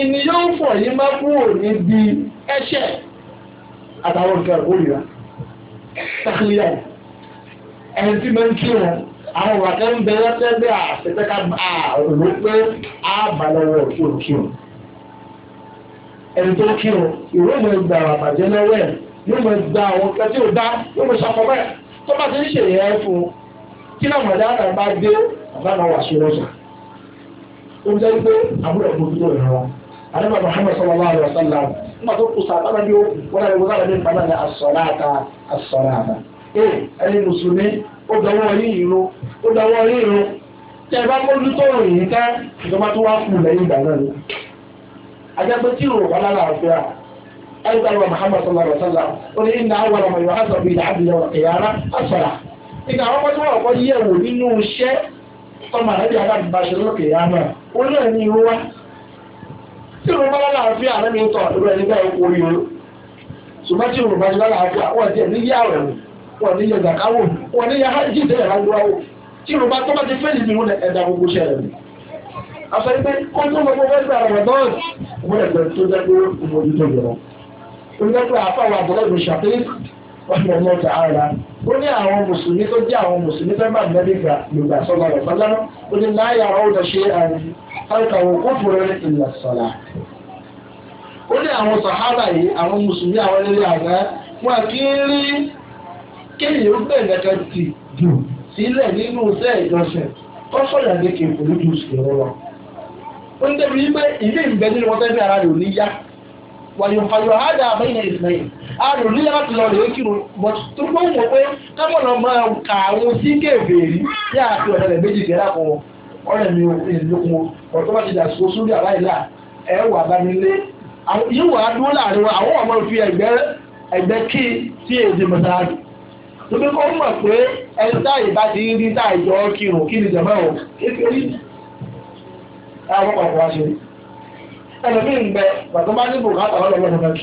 ìní yóò fọ̀ yín má kúrò níbi ẹ̀ṣẹ̀ àtàwọn nǹkan ìkórìíra sákìlíà ẹni tí máa ń kí wọn àwọn ọ̀rọ̀ akẹ́rù ń bẹ lọ́tẹ́ bí àṣetẹ́ká àrò pé àbàlọ́wọ́ òṣèlú kí wọn ẹni tó kí wọn ìwé ìmọ̀ ìgbà àbàjẹ́ lọ́wọ́ ẹ̀ yóò mọ̀ gba àwọn kan tí ò dá yóò mọ̀ sọ̀kọ̀ bẹ́ẹ̀ tó bá ti ń ṣe ìyẹn fún un kí náà mọ̀lẹ́ àtàwọn bá dé àbá máa wà sí ọjà ó jẹ́ pé àbúrò ìgbòkútó ìrànwọ́ àdébà Muhammad sallallahu alaihi wasallam nígbà tó kù sáà bábà ní o wọ́n rẹ̀ wọ́n rẹ̀ ní ìpàdé àti as-salata as-salata ee ẹni mùsùlùmí ó dọwọ́ yín ìró ó dọwọ́ yín ìró tẹ ẹ bá mójú tó rò yín ká ìjọba tó wá kù lẹ́yìn ìgbà náà ni ajagbe tí o wà lára àfẹ́ à ẹni tó Muhammad sallallahu alaihi wasallam ó ní ìnà àwọn ọmọ ìwà àti ọ̀bì ìdàbí ọ̀rọ̀ ìyára àṣàrà ìgbà àwọn ọmọ tí wọ́n kọ́ yẹ̀ wò nínú iṣẹ́ ọmọ àdébí alábìbáṣe lókè yá náà ó lé ní irú wa tí òun bá lálàáfíà rẹ̀ mi ń tọ̀ àdúrà ẹni bá ẹ̀kọ́ orí o ṣùgbọ́n tí òun bá ti lálàáfíà wọ́n ti ẹ̀ ní yá rẹ̀ wọ́n ní yẹ zàkáwò wọ́n ní yẹ hajj tẹ̀lé àdúrà o tí òun bá tó bá ti fẹ́ẹ̀lì mi wọn ẹ̀dá gbogbo ṣẹlẹ̀ mi. àfẹ́rí pé kó tó gbogbo fẹ́ gbà rẹ̀ bọ́ọ̀lù wọ́n ẹ̀gbẹ́ tó jẹ́ pé ìmọ̀jú tó jọ̀rọ̀ onígbàgbọ́ àfàwọn àbọ̀lọ́dún ṣàfihàn wọ́n mọ̀ ọ́ta ara ó ní àwọn mùsùlùmí tó jẹ́ àwọn mùsùlùmí fẹ́ bá mẹ́rin gbà lùgbà sọ́gbà rẹ̀ fọ́lá ó ní láyà fáìkà wọn kó fúnra rẹ̀ ìlà sọ̀lá. ó ní àwọn sàhábà yìí àwọn mùsùlùmí àwọn eléré àná wọn kì kéèyàn ó bẹ̀rẹ̀ kan ti sílẹ̀ nínú iṣẹ́ kò ní ju ìṣòro ó ní débi wípé nínú wọn tẹ́lẹ̀ ní yá wàyò fàyò àbẹ́yìn a ní láti lọ rèé tó gbóhùn pé máa àwọn sí ní ọ̀rẹ́ mi ò lókun ọ̀tọ́ bá ti dà sí oṣù rí àláìlá ẹ wà bánilé yóò wà á dúró láàrin wa àwọn ọmọ fi ẹgbẹ́ ẹgbẹ́ kí tí èdè tóbi kó pé ẹni táyì bá ti rí táyì jọ kírun kí ni ò kékeré àwọn ń bẹ bá ní bùkátà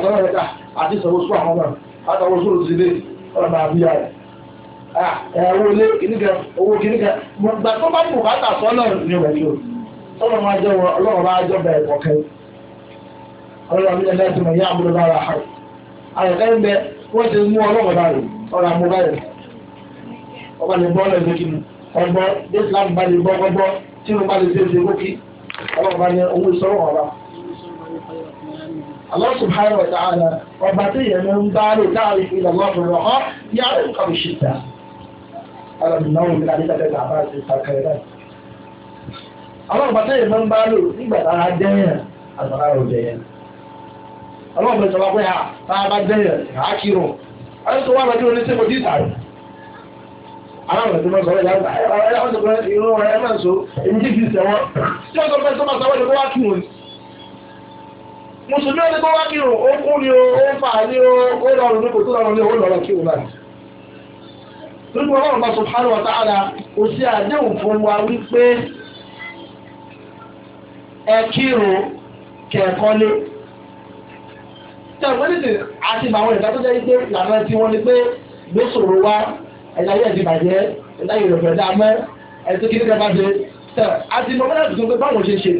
kírun wà ní àtàwọn oṣù tó ti dé ọ̀nà àbíyá rẹ̀ ya. ilé kìnnìkan owó kìnnìkan gbà tó bá bùkà tà sọ́nà ní ìwẹ̀ o ọlọ́run máa jẹ́ wọn ọlọ́run máa jẹ́ bẹ̀rẹ̀ kọ̀ọ̀kan ọlọ́run mi lẹ́yìn tó mọ̀ yá àbúrò bá àyẹ̀kẹ́ ń bẹ wọ́n ti mú ọlọ́run bá rè ọ̀rọ̀ ọba lè bọ́ Allah subhanahu wa ta'ala ọba tí yẹn ń bá lè dáàrí fi lọ́wọ́ ọ̀rọ̀ ọ́ yà á ń kọ̀wé ṣìta. Alàmìnáwó ní Adéjáde bàbá àti ìsàkẹ́rẹ́ náà. Àwọn ọba tí yẹn ń bá lò nígbà àgbàrá yẹn. Àwọn ọba ìjọba pé sọ mùsùlùmí ẹni tó wá kí o ó kú ni o ó fà ní o ó rọrùn ní kò tó rọrùn ní o ó lọ́rọ̀ kí o bá nínú ọlọ́run bá subhanahu wa ta'ala kò sí àdéhùn fún wa wípé ẹ kírun kẹ̀kọ́lé tẹ̀wọ́n ní ti àti bàwọn ìdá tó jẹ́ wípé làwọn ẹtí wọn ni pé gbèsòrò wa ẹ̀dá yẹ̀ ti bàjẹ́ ẹ̀dá yẹ̀ rẹ̀ fẹ̀ dá mẹ́ ẹ̀ tó kí ní kẹ́ bá ṣe tẹ̀ àti mọ̀mọ́lá tuntun pé báwọn ṣe ṣe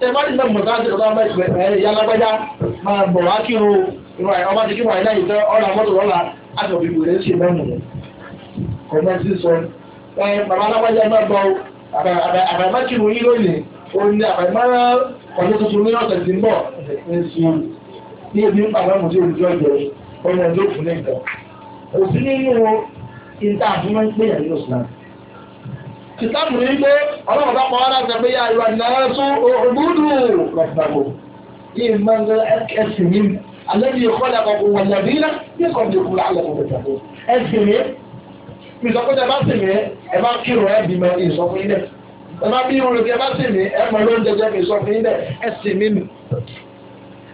tẹ̀mọ́tì náà mọ̀tá ti ọ̀dọ́ ọmọ ìpè ya ìyá ma máa bọ̀ wá kírò ìwà ọmọ ti kírò àìláyé tẹ́ ọ̀là mọ́tò lọ́la àtọ̀bí ìwòrán sí mẹ́mù ọmọ sí sọ na bàbá alágbájá náà gbọ́ àbàmá kírò yín lónìí ó ní àbàmá ọdún tuntun ní ọ̀sẹ̀ ń bọ̀ ní ebi ń pàmò olùjọ́ ìjọ ọmọ òfin kìtàbù ní pé ọlọ́run bá pàwọ́ láti ẹgbẹ́ yá ìwà ìnáwó tún ògbúdù rọ̀gbàgbò yìí máa ń ẹsìn yìí alẹ́bí ìkọ́lẹ̀ àkọ́kọ́ wọn lẹ́bí iná ní kọ́ ní ìkúlẹ̀ alẹ́ kò tẹ̀sán ẹsìn yìí mi sọ pé bá sì mí ẹ bá kírun ẹ bímọ ìsọ fún ilẹ̀ ẹ bá bí irun ẹ bá sì mí ẹ mọ ló ń jẹjẹ mi sọ fún ilẹ̀ ẹsìn mi mi.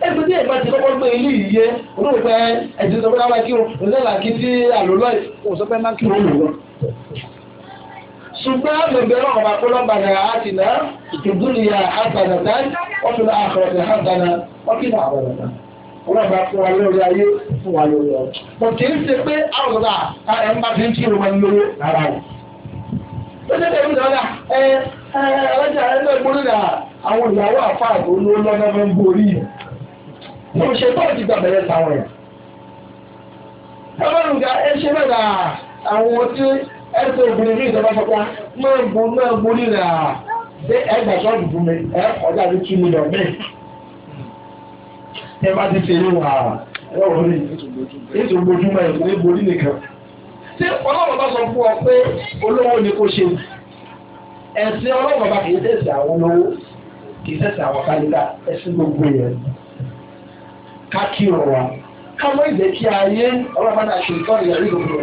ẹsìn ìgbà tí kọ́kọ́ gbé ilé yìí yé olóòfẹ́ ẹ̀jẹ̀ láwọn kírun òṣèlú àkí tí àlòlọ́ ṣùgbọ́n lẹ́gbẹ̀rún ọ̀bà kọ́lọ́mbà náà á ti náà ìdúgbòlìyà náà wọ́n fi náà àkọ́rọ̀ ní àgbàdà wọ́n kì náà àgbàdà náà ọlọ́ba fún wa lórí ayé fún wa lórí mo kì í ṣe pé àwọn ń bá fi ń rárá o. ó ṣe ẹ ẹ ọlọ́jà ẹ náà àwọn ìyàwó àfáàgbò ló ń borí mo ẹsẹ̀ obìnrin ní ìjọba sọ pé máa bu máa bu nílẹ̀ à dé ẹgbà sọ́ọ̀bù fún mi ẹ ọjà mi tú mi lọ mí. ẹ bá ti ṣeré wà ẹ wọ rí ètò gbojúmọ̀ ẹ̀ ní borí nìkan. ṣé ọlọ́run bá sọ fún ọ pé olówó ni kò ṣe ẹ̀sìn ọlọ́run bá kì í tẹ̀sí àwọn olówó kì í tẹ̀sí àwọn kálíkà ẹ̀sìn gbogbo yẹn ká kí ọ̀rọ̀ wa ká mọ́ ayé ọlọ́run bá náà ṣe ìtọ́ ìyàrí gbogbo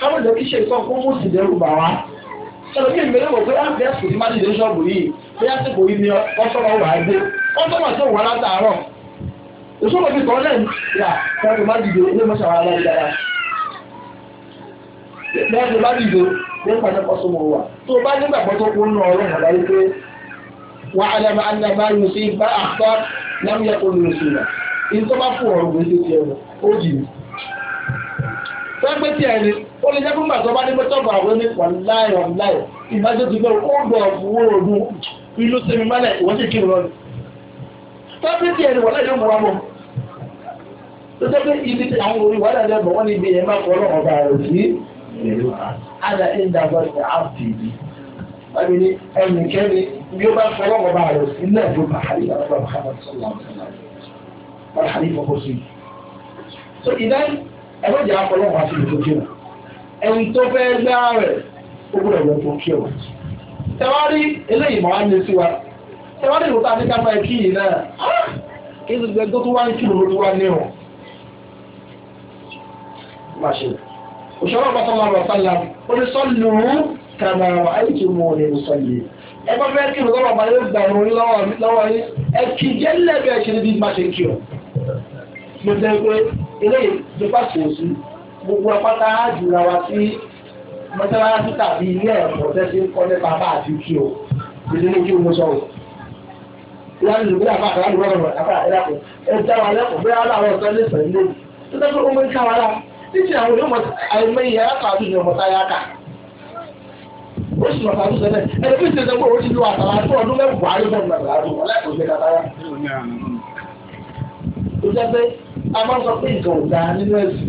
káwọn ìjọ kí ṣe ìtàn fún mú ìdẹrù bà wá ṣọlọ́bí ìgbẹ́lẹ́ wọ̀ pé láǹfẹ́ ẹ̀sùn tí má ti dé ṣọ́ọ̀bù yìí bí àsìkò yìí ni ọ̀ṣọ́rọ̀ wà á dé ọ̀ṣọ́rọ̀ tó wà látàárọ̀ òṣòwò fi kọ́ lẹ́yìn yà kẹ́kọ̀ọ́ má dìde ilé mọ́ṣá wa láyé dára lẹ́yìn tó bá dìde ló ń padà kọ́ sọmọ wa tó bá nígbàgbọ́ tó kún nù ọ̀rọ̀ nàlá yìí pé wà á lẹ́mọ anamá yóò sí bá àtọ́ lámúyẹ kó lè sùn rà ní tó bá fún ọ̀rọ̀ gbèsè tiẹ̀ wọ̀ ó ó lè jẹ́ fúngbà tó bá dé pẹ́tọ́gbà àwọn ní wàláì wàláì ìbájọ́ ti gbọ́ ó gbọ́ owó ọdún ìlú sẹ́mi mọ́lẹ̀ ìwọ́n sì kírun lọ́nà tábìlì ẹni wàláì yóò mú wa mọ́ tó jẹ́ pé ibi tí àwọn orí wàhálà lẹ́bọ̀ wọ́n ní ibi ẹ̀ máa kọ́ ọlọ́run ọba rẹ̀ sí ìlú àdá ìdàgbà ní àpì ìbí wọ́n ní ẹnìkẹ́ni bí ó bá kọ́ ọlọ́run ọba rẹ̀ sí ilé ẹ̀dùn bàhálì àbúrò Muhammad sallallahu alaihi wasallam bàhálì fọkọ sí ẹni tó fẹ́ gbá rẹ̀ ó gbọ́dọ̀ fún kí o. tẹwárí eléyìí máa ń lé sí wa tẹwárí ìlú tá a ní ká máa kí yìí náà ah! kí ló gbẹ tó tó wá ní kí ló tó wá ní o. má ṣe òṣèlú ọba tó máa lọ sálà ó ní sọ́ọ̀lù kàmà àìkú mu ní sọ́ọ̀lù ẹ bá fẹ́ kí ló tọ́lọ̀ bá yóò gbà wọn lọ́wọ́ yín ẹ kì í jẹ́ lẹ́bẹ̀ẹ́ ṣe ní bí má ṣe kí o. mo jẹ́ pé eléyìí ló bá sòsì gbogbo apáta àjùra wa sí mọ́tẹ́láṣí tàbí ilé ẹ̀kọ́ tẹ́sí ń kọ́ nípa bá àti kí o ìdílé kí o sọ o. ìyáàlú ìlú bíi àbáàkà láti wọ́n rọrùn àbá ẹ̀dàkùn ẹ já wa lẹ́kọ̀ọ́ bí wọ́n láwọn ọ̀sán lè sàn ilé yìí. tó dẹ́ pé ó mú ká wa lá títí àwọn yóò mọ àìmọ iye ayáka àti ìyẹn mọ̀tá ayáka. ó sì mọ̀tá àti sẹ́lẹ̀ ẹni bí ìṣẹ̀lẹ̀ pé òun ti lo àtàlà tó ọdún mẹ́wàá ló bẹ̀rù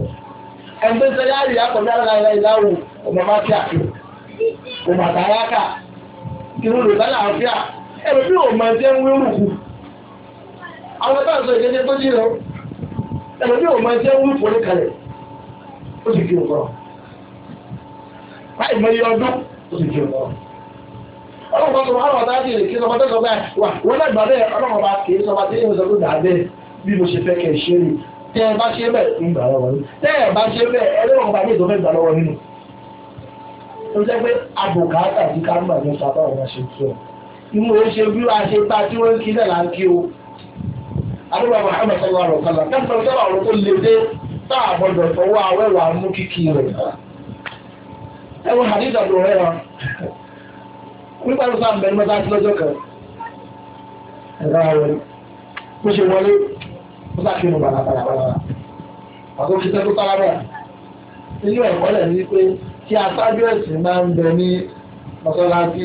ẹgbẹ́ sẹ́yà rí akọ̀já lára ìlàwò ọmọ bá tíà kò bàtà yáka kìrù rẹ̀ bá láàáfíà ẹ̀rọ bí òmò ẹ̀jẹ̀ ń wí rùkù àwọn ẹgbẹ́ àṣọ ìdẹ́jẹ́ tó jí lọ ẹ̀rọ bí òmò ẹ̀jẹ̀ ń wí forí kalẹ̀ ó sì láì ọdún ó sì ọlọ́run sọ wọn àwọn ọ̀tá ti kí sọ bẹ́ẹ̀ wà ọlọ́run bá kì í sọ tẹ́ ẹ bá ṣe bẹ́ẹ̀ ń gbà lọ́wọ́ yín tẹ́ ẹ bá ṣe bẹ́ẹ̀ ẹlẹ́wọ̀n ọba ní ìdókè gbà lọ́wọ́ nínú. ó jẹ́ pé àbùkátà tí kámbà ní sábà wọn ṣe tó ẹ̀. inú ẹ ṣe bí wàá ṣe gba tí wọ́n ń kí náà là ń kí o. àdúgbò Muhammad sallallahu alaihi wasallam kẹ́sìtọ́ sábà wọn tó lè dé tá a gbọdọ̀ fọwọ́ awẹ́wà mú kíkì rẹ̀. ẹ wọ hadith àdó rẹ̀ ó sá kí mo bàlá bàlá bàlá àgọ́ fi tẹ́kọ́ rẹ̀ nínú ẹ̀kọ́ rẹ̀ ní pé kí aṣáájú ẹ̀sìn máa ń bẹ ní mọ́sálásí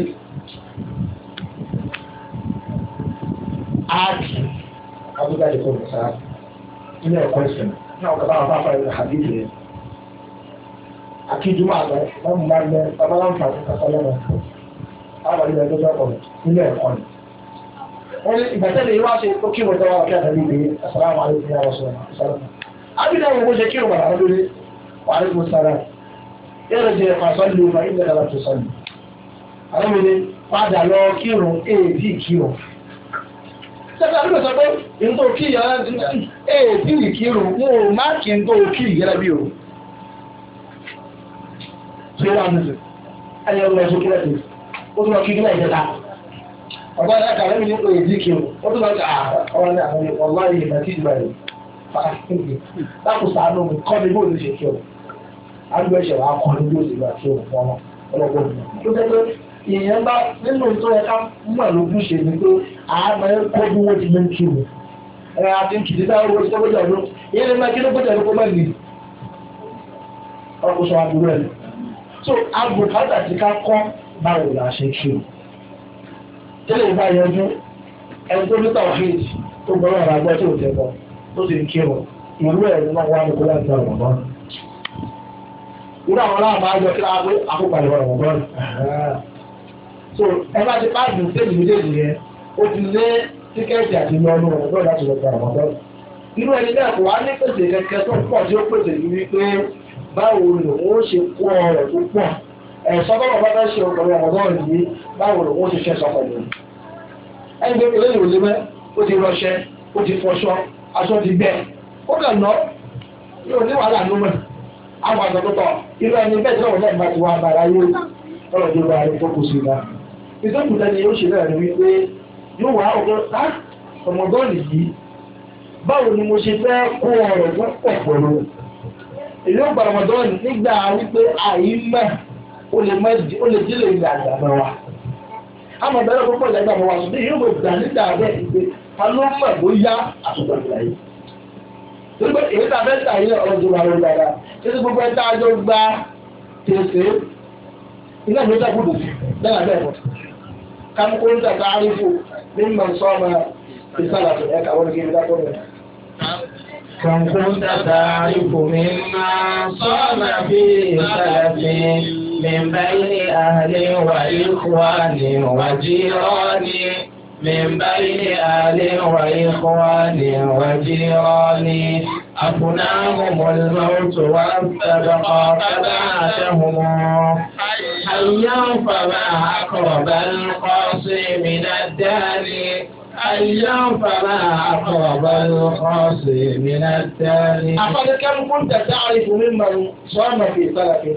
áàkì abúlé nínú ẹ̀kọ́ náà ọ̀gá bá àgbẹ̀ gbẹ ẹ̀dọ́gbẹ̀kọ̀ nínú ẹ̀kọ́ wọ́n ìgbà tẹ́lẹ̀ ìwá ṣe ó kí wọ́n tọ́wọ́ kí àtàlẹ́ ìgbé asàlámù alaykum ya rasulullah abidjan wo ṣe kí wọ́n àwọn lórí wa alaykum salam yẹ́rẹ̀ jẹ́ fàṣọ́lù ma ilẹ̀ dàgbà tó sọ́lù àwọn mi ni padà lọ kírun èèdì e kírun sẹ́kọ̀ àdúgbò sọ pé ntò kí yàrá èèdì e kírun mo ò má kí ntò kí yàrá o ọba náà kàwé mi ní oyè díkì o ó tún bá ti ọ̀rọ̀ ní àwọn ọ̀la yìí náà ti ìgbà yìí fàáfíìgì lákòó sàánú mi kọ́ mi bóòlù ṣe kí o àdúgbò ẹ̀ṣẹ̀ wàá kọ́ mi bóòlù ìgbà tí o fọ́ ọmọ ọlọ́gbọ́n mi. tó jẹ́ pé ìyẹn bá nínú tó yẹ ká mú ṣe ni pé àmọ́ ẹ kó bí wọ́n ti mú kí o ẹ àti kìdí táwọn owó ti ti ká kọ́ tẹ́lẹ̀ ìbá yanjú ẹni tó ní tawhid tó gbọ́dọ̀ ara gbọ́ tí ò tẹ̀ bọ̀ tó sì ń kírun ìlú ẹ̀ ní wọn wá ní kó láti náà wọ̀n náà. irú àwọn aláwọ̀ máa jọ kí láwọn akópalẹ̀ wọn wọ̀n náà. so ẹ bá ti páàdì stéèjì méjèèjì yẹn ó ti lé tíkẹ́ẹ̀tì àti ìlú ọdún wọn náà láti lọ gba àwọn náà. irú ẹni náà kò wá ní pèsè kẹ̀kẹ́ tó pọ̀ tí ó pèsè yìí wípé báwo ni òun ó ṣe kó ọrọ̀ tó pọ̀ ẹ̀sọ́ bọ́lá bá ṣe ọkùnrin ọmọdọ́rùn yìí báwo wọ́n ti ṣe sọ pẹ̀lú. ẹni pé kò lóyún mẹ́ ó ti rọṣẹ ó ti fọṣọ aṣọ ti gbẹ ó kà ná yóò ní wàhálà ló mọ̀ àwọn àgbà tó ẹni bẹ́ẹ̀ tó wọ́n bá ti wá bàrà yóò tọ̀rọ̀ tó bá rẹ̀ tó kù sí i náà. ìtọ́kùnrin ni ó lè jẹ́lẹ̀ ilẹ̀ àgbàdo wa àmọ̀ bẹ́ẹ̀ lọ́pọ̀ ìlẹ̀ àgbàdo wa ṣùgbọ́n yóò gbé gbà nígbà bẹ́ẹ̀ ti pé ta ló mọ̀ bóyá àtúntò ìlà yìí torí pé èyí tàbẹ́ tà yìí ọ̀rọ̀ tó wà lórí dáadáa tí tí gbogbo ẹ̀ta àjọ gba tèsè iná ìwé tà gbọdọ̀ sí dára bẹ́ẹ̀ mọ̀ kámukó ń tàkà àrífò ní mọ̀ sọ́ọ̀mà ìsàlà tó ẹ̀ka wọ́n kí ẹ̀dá kọ́ Kàǹkó ń tàtà àrífò mi máa sọ́ọ̀nà bíi ìsàlẹ̀ bíi. من بين أهلي وإخواني وجيراني من بين أهلي وإخواني وجيراني أفناهم الموت والسبق فبعثهم حيا فما أقرب القاصي من الدار اليوم فما أقرب القاصي من الدار أقد كم كنت تعرف ممن صام في سلفه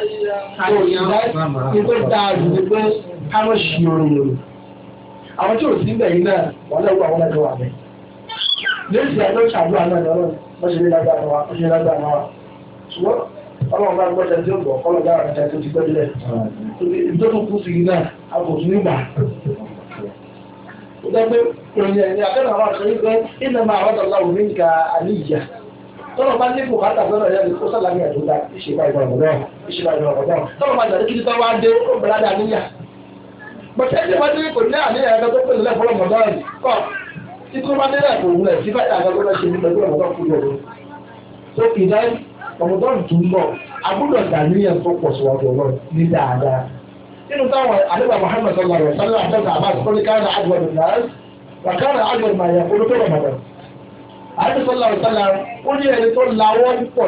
ìgbẹ́ dáadù ni pé káwọn ṣì orin lòrò àwọn tí ò sí bẹ̀ yìí náà wọ́n lè wọ àwọn ẹ̀dọ́ wà bẹ́ẹ̀. lẹ́sì àjọ ṣàdúrà náà lọ́rọ̀ wọ́n ṣe ní lágbára wa wọ́n ṣe ní lágbára wa ṣùgbọ́n ọlọ́run bá gbọ́dọ̀ tí ó bọ̀ kọ́ lọ́dọ̀ àwọn ẹ̀dá tó ti gbọ́ délẹ̀ ìjọ tó kú sí i náà a kò tún nígbà. ó dẹ́ pé ìròyìn ẹ̀yìn àtẹ́nà wa sọ wípé iná máa rọ́dọ̀ ìṣúná ìlú ọ̀gọ̀dọ̀ tọ́wọ́ máa jàdé kíkí tọ́wọ́ adé ó bẹ̀rẹ̀ adé àníyàn bọ̀tẹ́ ẹni wọ́n ní kò ní àníyàn ẹ̀ka tó pè lẹ́lẹ́ fọlọ́ mọ̀dọ́ rẹ̀ kọ́ títí wọ́n bá ní ẹ̀kọ́ òun rẹ̀ síbẹ̀ àgbẹ̀gbẹ̀ ṣe ní pẹ̀lú ọ̀gọ̀dọ̀ fún yòó tó kì í dá ọ̀gọ̀dọ̀ tún bọ̀ agbọ́dọ̀ dàníyàn tó sallallahu alaihi wa sallam sallallahu alaihi wa sallam ó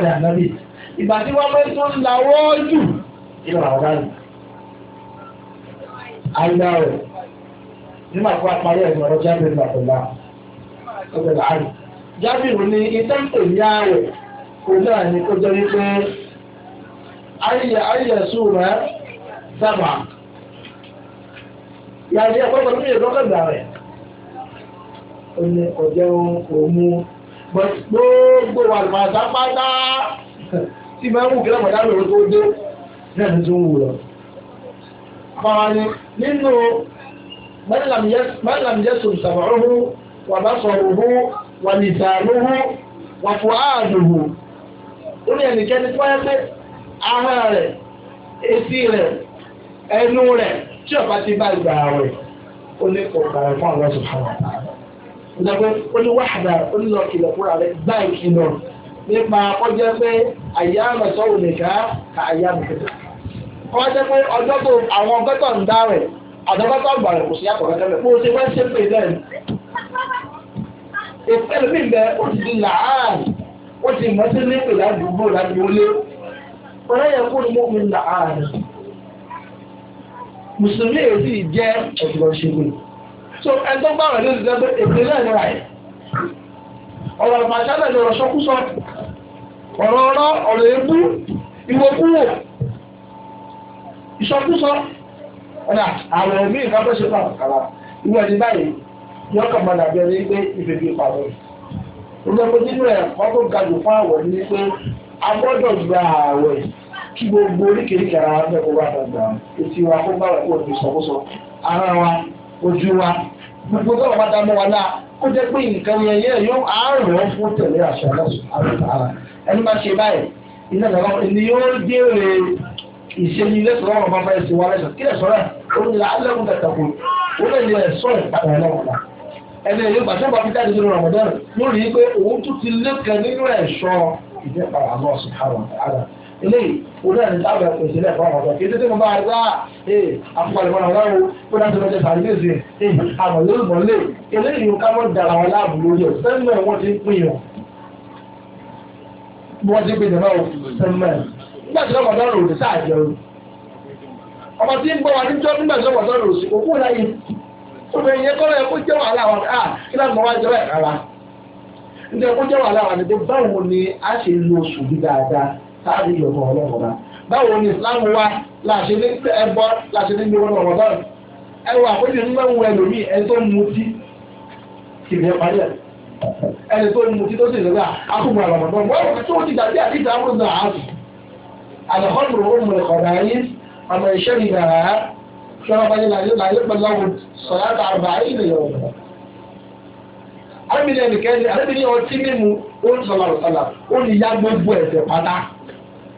ní ẹni ìgbà tí wọ́n fẹ́ tún lawọ́ jù nínú àwọn báyìí. àìdá rẹ̀ nígbà tó wàá parí ẹ̀sìn ọ̀rọ̀ jáde nígbà tó bá ó bẹ̀rẹ̀ àrùn. jáde ìwò ni iṣẹ́ ń pè ní ààrẹ kò náà ní kó jẹ́ wípé ayẹyẹ rẹ̀ sábà. ìyàrá ẹ̀kọ́ kan ní ìdọ́kọ̀ gbà rẹ̀ ó ní ọ̀jẹ̀ òun kò mú gbogbo wàlùmọ̀ àtàpátá tí máa ń wù kí ramadan lòun tó dé náà ló tún wù lọ. àpàràní nínú mẹ́lẹ̀mìyẹ́sùn sàmọ́rùhù wà bá sọ̀rùhù wà nìtàlùhù wà fún ààdùhù. ó ní ẹnikẹ́ni tó wáyé pé ara rẹ̀ etí rẹ̀ ẹnu rẹ̀ tí ọ̀pá ti bá ìgbà rẹ̀ ó ní kò gbà fún àwọn subhanahu ó ní wàhálà ó ní lọ kìlọ̀ rẹ̀ gbá ìkìlọ̀ nípa kọjá pé àyà àmọ̀sọ́wò nìkan kà àyà àmọ̀sọ́wò. kọ́wá jẹ́ pé ọjọ́ tó àwọn ọgọ́tọ̀ ń dá rẹ̀ àdọ́gọ́tọ̀ àgbà rẹ̀ kò sí yàtọ̀ kẹ́kẹ́ bẹ̀. kó o ṣe wá ṣe pé dẹ́n. ìpẹ́lú mi bẹ ó ti di làán ó ti mọ̀ sí ní ìpìlẹ̀ àdúgbò ládùúgbò lé. ọ̀rẹ́ yẹn kó ni mo fi làán. mùsùlùmí èyí jẹ́ ọ̀dùnkọ̀ ṣègùn. so ẹgbẹ́ bá rẹ̀ ló ti dẹ́ pé ìpìlẹ̀ náà ọ̀rọ̀ ọ̀rọ̀ ọ̀rọ̀ ebú ìwòkúwò ìsọkúsọ ọ̀nà àwọn ẹ̀mí ìkápẹ́sẹ̀ fún àkàrà ìwé ẹni báyìí yọ kàn máa dàbí ẹni pé ìfèbí ìpàdé olùdókòwò nínú ẹ̀kọ́ tó ga jù fún àwọ̀ ni pé a gbọ́dọ̀ gba àwẹ̀ kí gbogbo oríkèéríkèé ara wa mẹ́kọ̀ọ́ wà dàgbà etí wa kó gbàgbọ́ kó o ti sọkúsọ ara wa ojú wa gbogbo tó wà bá dá mọ́ wa náà kó jẹ́ pé nǹkan yẹn yẹn yóò àárọ̀ fún tẹ̀lé àṣà lọ́sùn àrùtàrà ẹni máa ṣe báyìí iná ìgbà wọn ni yóò dére ìṣèlú lẹ́sọ̀ lọ́wọ́ bá fẹ́ẹ́ ṣe wá lẹ́sọ̀ kí lẹ́sọ̀ rẹ̀ ó ní alẹ́kùn kàtàkùn ó lè yẹ ẹ̀sọ́ ìpàdé lọ́wọ́ ẹni èyí gbàtẹ́ bá fi jáde nínú Ramadan lórí pé òun tún ti lékè nínú ẹ̀ṣọ́ ìjẹ́pàá àlọ́ ọ̀sùn àrùn àrùn eléyìí orí ẹni tábà kò sílẹ̀ fún ọmọ ọ̀sán kí títí mo bá rí bá ee àpòpàlẹ̀ mọ́ra wọn o kó dájú lọ́jọ́ sàrí léṣe ee àmọ̀ lórí mọ́ lé eléyìí ká mọ́ dara wọn láàbù lórí ọ̀ sẹ́mẹ̀ wọ́n ti pín yàn wọ́n ti pín jẹ̀mọ́ sẹ́mẹ̀ nígbà tí wọ́n bọ̀ lọ́rùn sáà jẹ́ o ọmọ tí ń gbọ́ wa níjọ́ nígbà tí wọ́n bọ̀ lọ́rùn sí òkú láyé obìnrin yẹn kọ́ lọ́yẹ kó jẹ́ wàhálà wa káà kí láti mọ wá jẹ́ bẹ́ẹ̀ rárá nítorí kó jẹ́ wàhálà wa ni pé báwo ni a ṣe lo oṣù bí dáadáa táàrí ìyọ̀nà ọlọ́run ọba báwo ni islam wa láṣẹ ní ẹbọ láṣẹ ní gbogbo ọ̀rọ̀ báyìí ẹwà àpèjì ń mẹ́wù ẹlòmíì ẹni tó ń mutí kì í parí ẹ̀ ẹni tó ń mutí tó sì lè gbà ákùnkùn àlọ́mọ̀tọ́ wọ́n tó ti dàbí àdìsí àmúzà àásù àdàkọ́dùrú ó mọ̀ ẹ̀kọ́ báyìí ọmọ iṣẹ́ mi gbàrà á ṣọ́ra báyìí láyé láyé pẹ̀lú àwọn sọ̀rọ̀ àgbà ilẹ̀ yọ̀ ọ̀dọ̀ àbílẹ̀ nìkẹ́ ni àbílẹ̀ ọtí mímu ó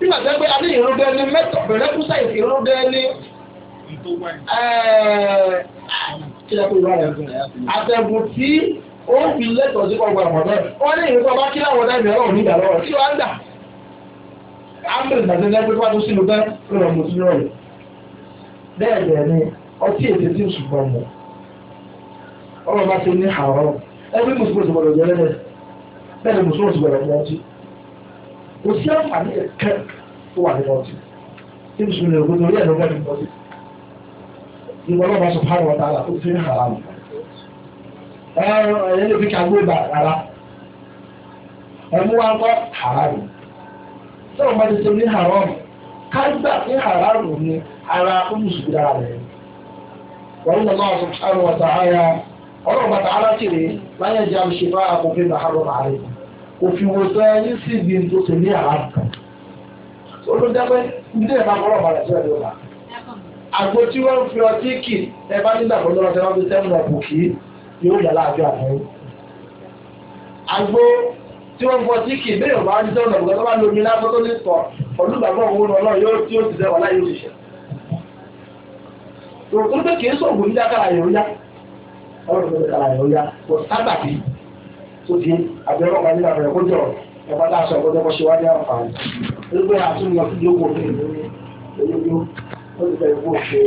nígbà tó ń adé ìrún dé mẹ́tọ̀ bẹ̀rẹ̀ kúta ìrún dé àtẹ̀gùn tí ó fi lẹ́tọ̀ sí ọgbà ọ̀dọ́ wọ́n ní ìrún bá kí láwọn kí wọ́n ámbẹ̀rẹ̀ ẹgbẹ́ tó sínú rẹ̀ mọ̀ sínú rẹ̀ bẹ́ẹ̀ bẹ́ẹ̀ ni ọtí èdè tí ṣùgbọ́n mọ̀ ọlọ́ba ti ní àárọ̀ ẹgbẹ́ mùsùlùmí ti gbọ́dọ̀ kò sí àǹfààní ẹ̀kẹ́ tó wà nínú ọtí tí n sùn lè rògbò lórí ẹ̀rọ bẹ́ẹ̀ nínú ọtí ìwọ́n náà bá sọ fáwọn ọ̀tá àlà ó fi ń hàrá mi. ẹ̀yẹ́ lè fi kí agbó ibà rárá ẹ̀mú wa kọ́ hàrá mi. sọ̀rọ̀ bá ti ṣe ní hàrá mi kágbà ní hàrá mi ni ara ó mú sùn dára rẹ̀. wọ́n náà bá sọ fáwọn ọ̀tá àyà ọ̀rọ̀ bàtà aláṣẹ rẹ̀ láyé jẹ́ àmì òfìwòsàn ẹyin sì di tó ṣe ní àlàbù olùdámẹ́ ní ẹ̀ka fọlọ́ balẹ̀ sí ẹ̀dọ́ la àgbo tí wọ́n fi ọtí kì ẹ bá nígbà tó lọ́wọ́ sẹ́wọ́n fi sẹ́wọ́n ọ̀pù kì yóò yà láàbí àgbo tí wọ́n fi ọtí kì bẹ́ẹ̀ wọ́n ní sẹ́wọ́n ọ̀pù kì lómi tó ní òun náà tó di abẹ́rẹ́ ọ̀gá nílànà rẹ̀ kójọ ẹ̀bá láṣọ ọ̀gọ́dọ̀ kọ́ ṣe àǹfààní. Olúgbé àtúnyọ sí yóò wò fún ìlú olójú ó ti fẹ́ ìfún ṣe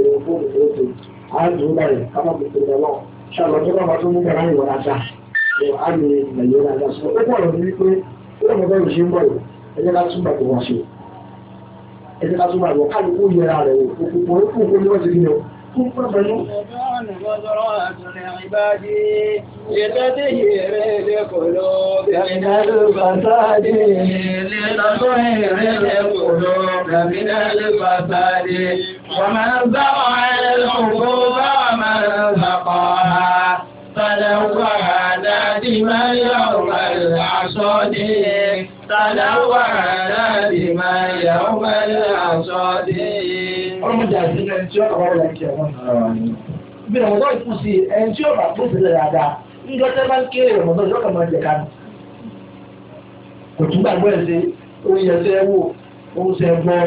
èrò fún ìfúrótò. À ń dùn láyé kámọ́ fi tètè lọ. Ṣàlọ́ tó bàbá tó mú bẹ̀rẹ̀ ayé wọn yẹra rẹ̀ Òkùnkùn ó kú òkú ni wọ́n ti fi yàn. Kú pẹ́ pẹ́lú. وبرات لعبادي لتطهير القلوب من الفساد لتطهير القلوب من الفساد ومن زرع الحبوب ومن سقاها تلوها نادما يوم الحصاد تلوها نادما يوم الحصاد. Ọmọdé àti ilé ẹjọ́ àwọn ọ̀rọ̀ ìkẹ̀wọ̀n bí rọmọdọ́ ìkú sí ẹni tí yóò bá tó sílẹ̀ dáadáa níjọ́ tẹ́ bá ń kéré rọmọdọ́ yóò kàn máa jẹ ká ní. kò tún gbàgbọ́ ẹ̀ ṣe oyin ẹsẹ̀ wò ohun ṣe gbọ́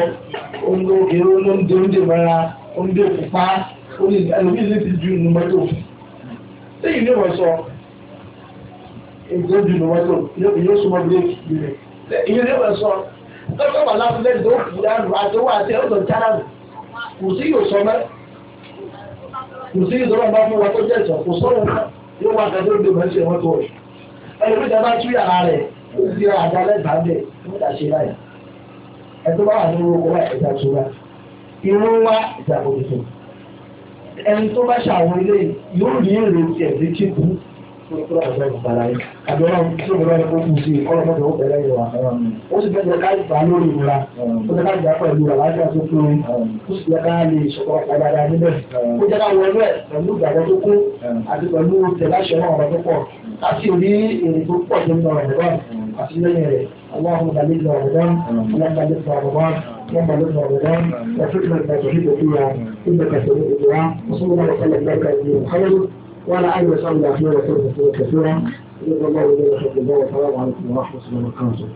ohun ló kéré oúnjẹ oúnjẹ mọ́ra oúnjẹ òkúpa ẹlòmíì ní ti ju ìnumọ́tò. lẹ́yìn ní wọ́n sọ èdè ju ìnumọ́tò yóò súnmọ́ bíléèkì rẹ̀ ìyẹn ní wọ́n sọ lọ́sọ̀rọ̀ láti lẹ́yìn tó kù kò ìdọ́rọ̀ bá fún wa tó jẹ́ ìtàn kò sọ̀rọ̀ náà yóò wá kẹ́kẹ́ lóde mọ̀ ṣe wọ́n tó rẹ̀ ẹ̀rọ ìjà bá tú yàrá rẹ̀ ó ti àga lẹ́gbàá bẹ̀ ó dà ṣe báyìí ẹ̀tọ́ bá wà ní orúkọ wa ẹ̀dá tó wá irú wa ìjà tuntun ẹni tó bá ṣàwọn ilé yóò rí èrè tiẹ̀ Àbẹ̀rẹ̀ àwọn tí òun lọ́nà fún ìṣe ọlọ́mọdé ó bẹ̀rẹ̀ ìwà. Ó sì bẹ̀rẹ̀ ká ìgbà lórí ìwà. Ó bẹ̀rẹ̀ ká ìgbà pẹ̀lú ìwà láti àti fún un. Ó sì yẹ ká lè ṣọ̀kọ̀ padà níbẹ̀. Ó jẹ́ káwọn ẹgbẹ́ pẹ̀lú ìgbàgbọ́ tó kún àti pẹ̀lú tẹ̀láṣẹ̀ náà ọ̀rọ̀ tó pọ̀. Láti rí èrè tó pọ̀ tó ń lọ ọ̀rọ̀ náà àti lẹ́yìn rẹ̀. اللهم بلغنا رمضان اللهم بلغنا رمضان اللهم بلغنا رمضان وفقنا لما تحب فيها ولا أن وصحبه اجمعين وسلم كثيرا إن الله جل وعلا خير الجزاء والسلام عليكم ورحمه الله وبركاته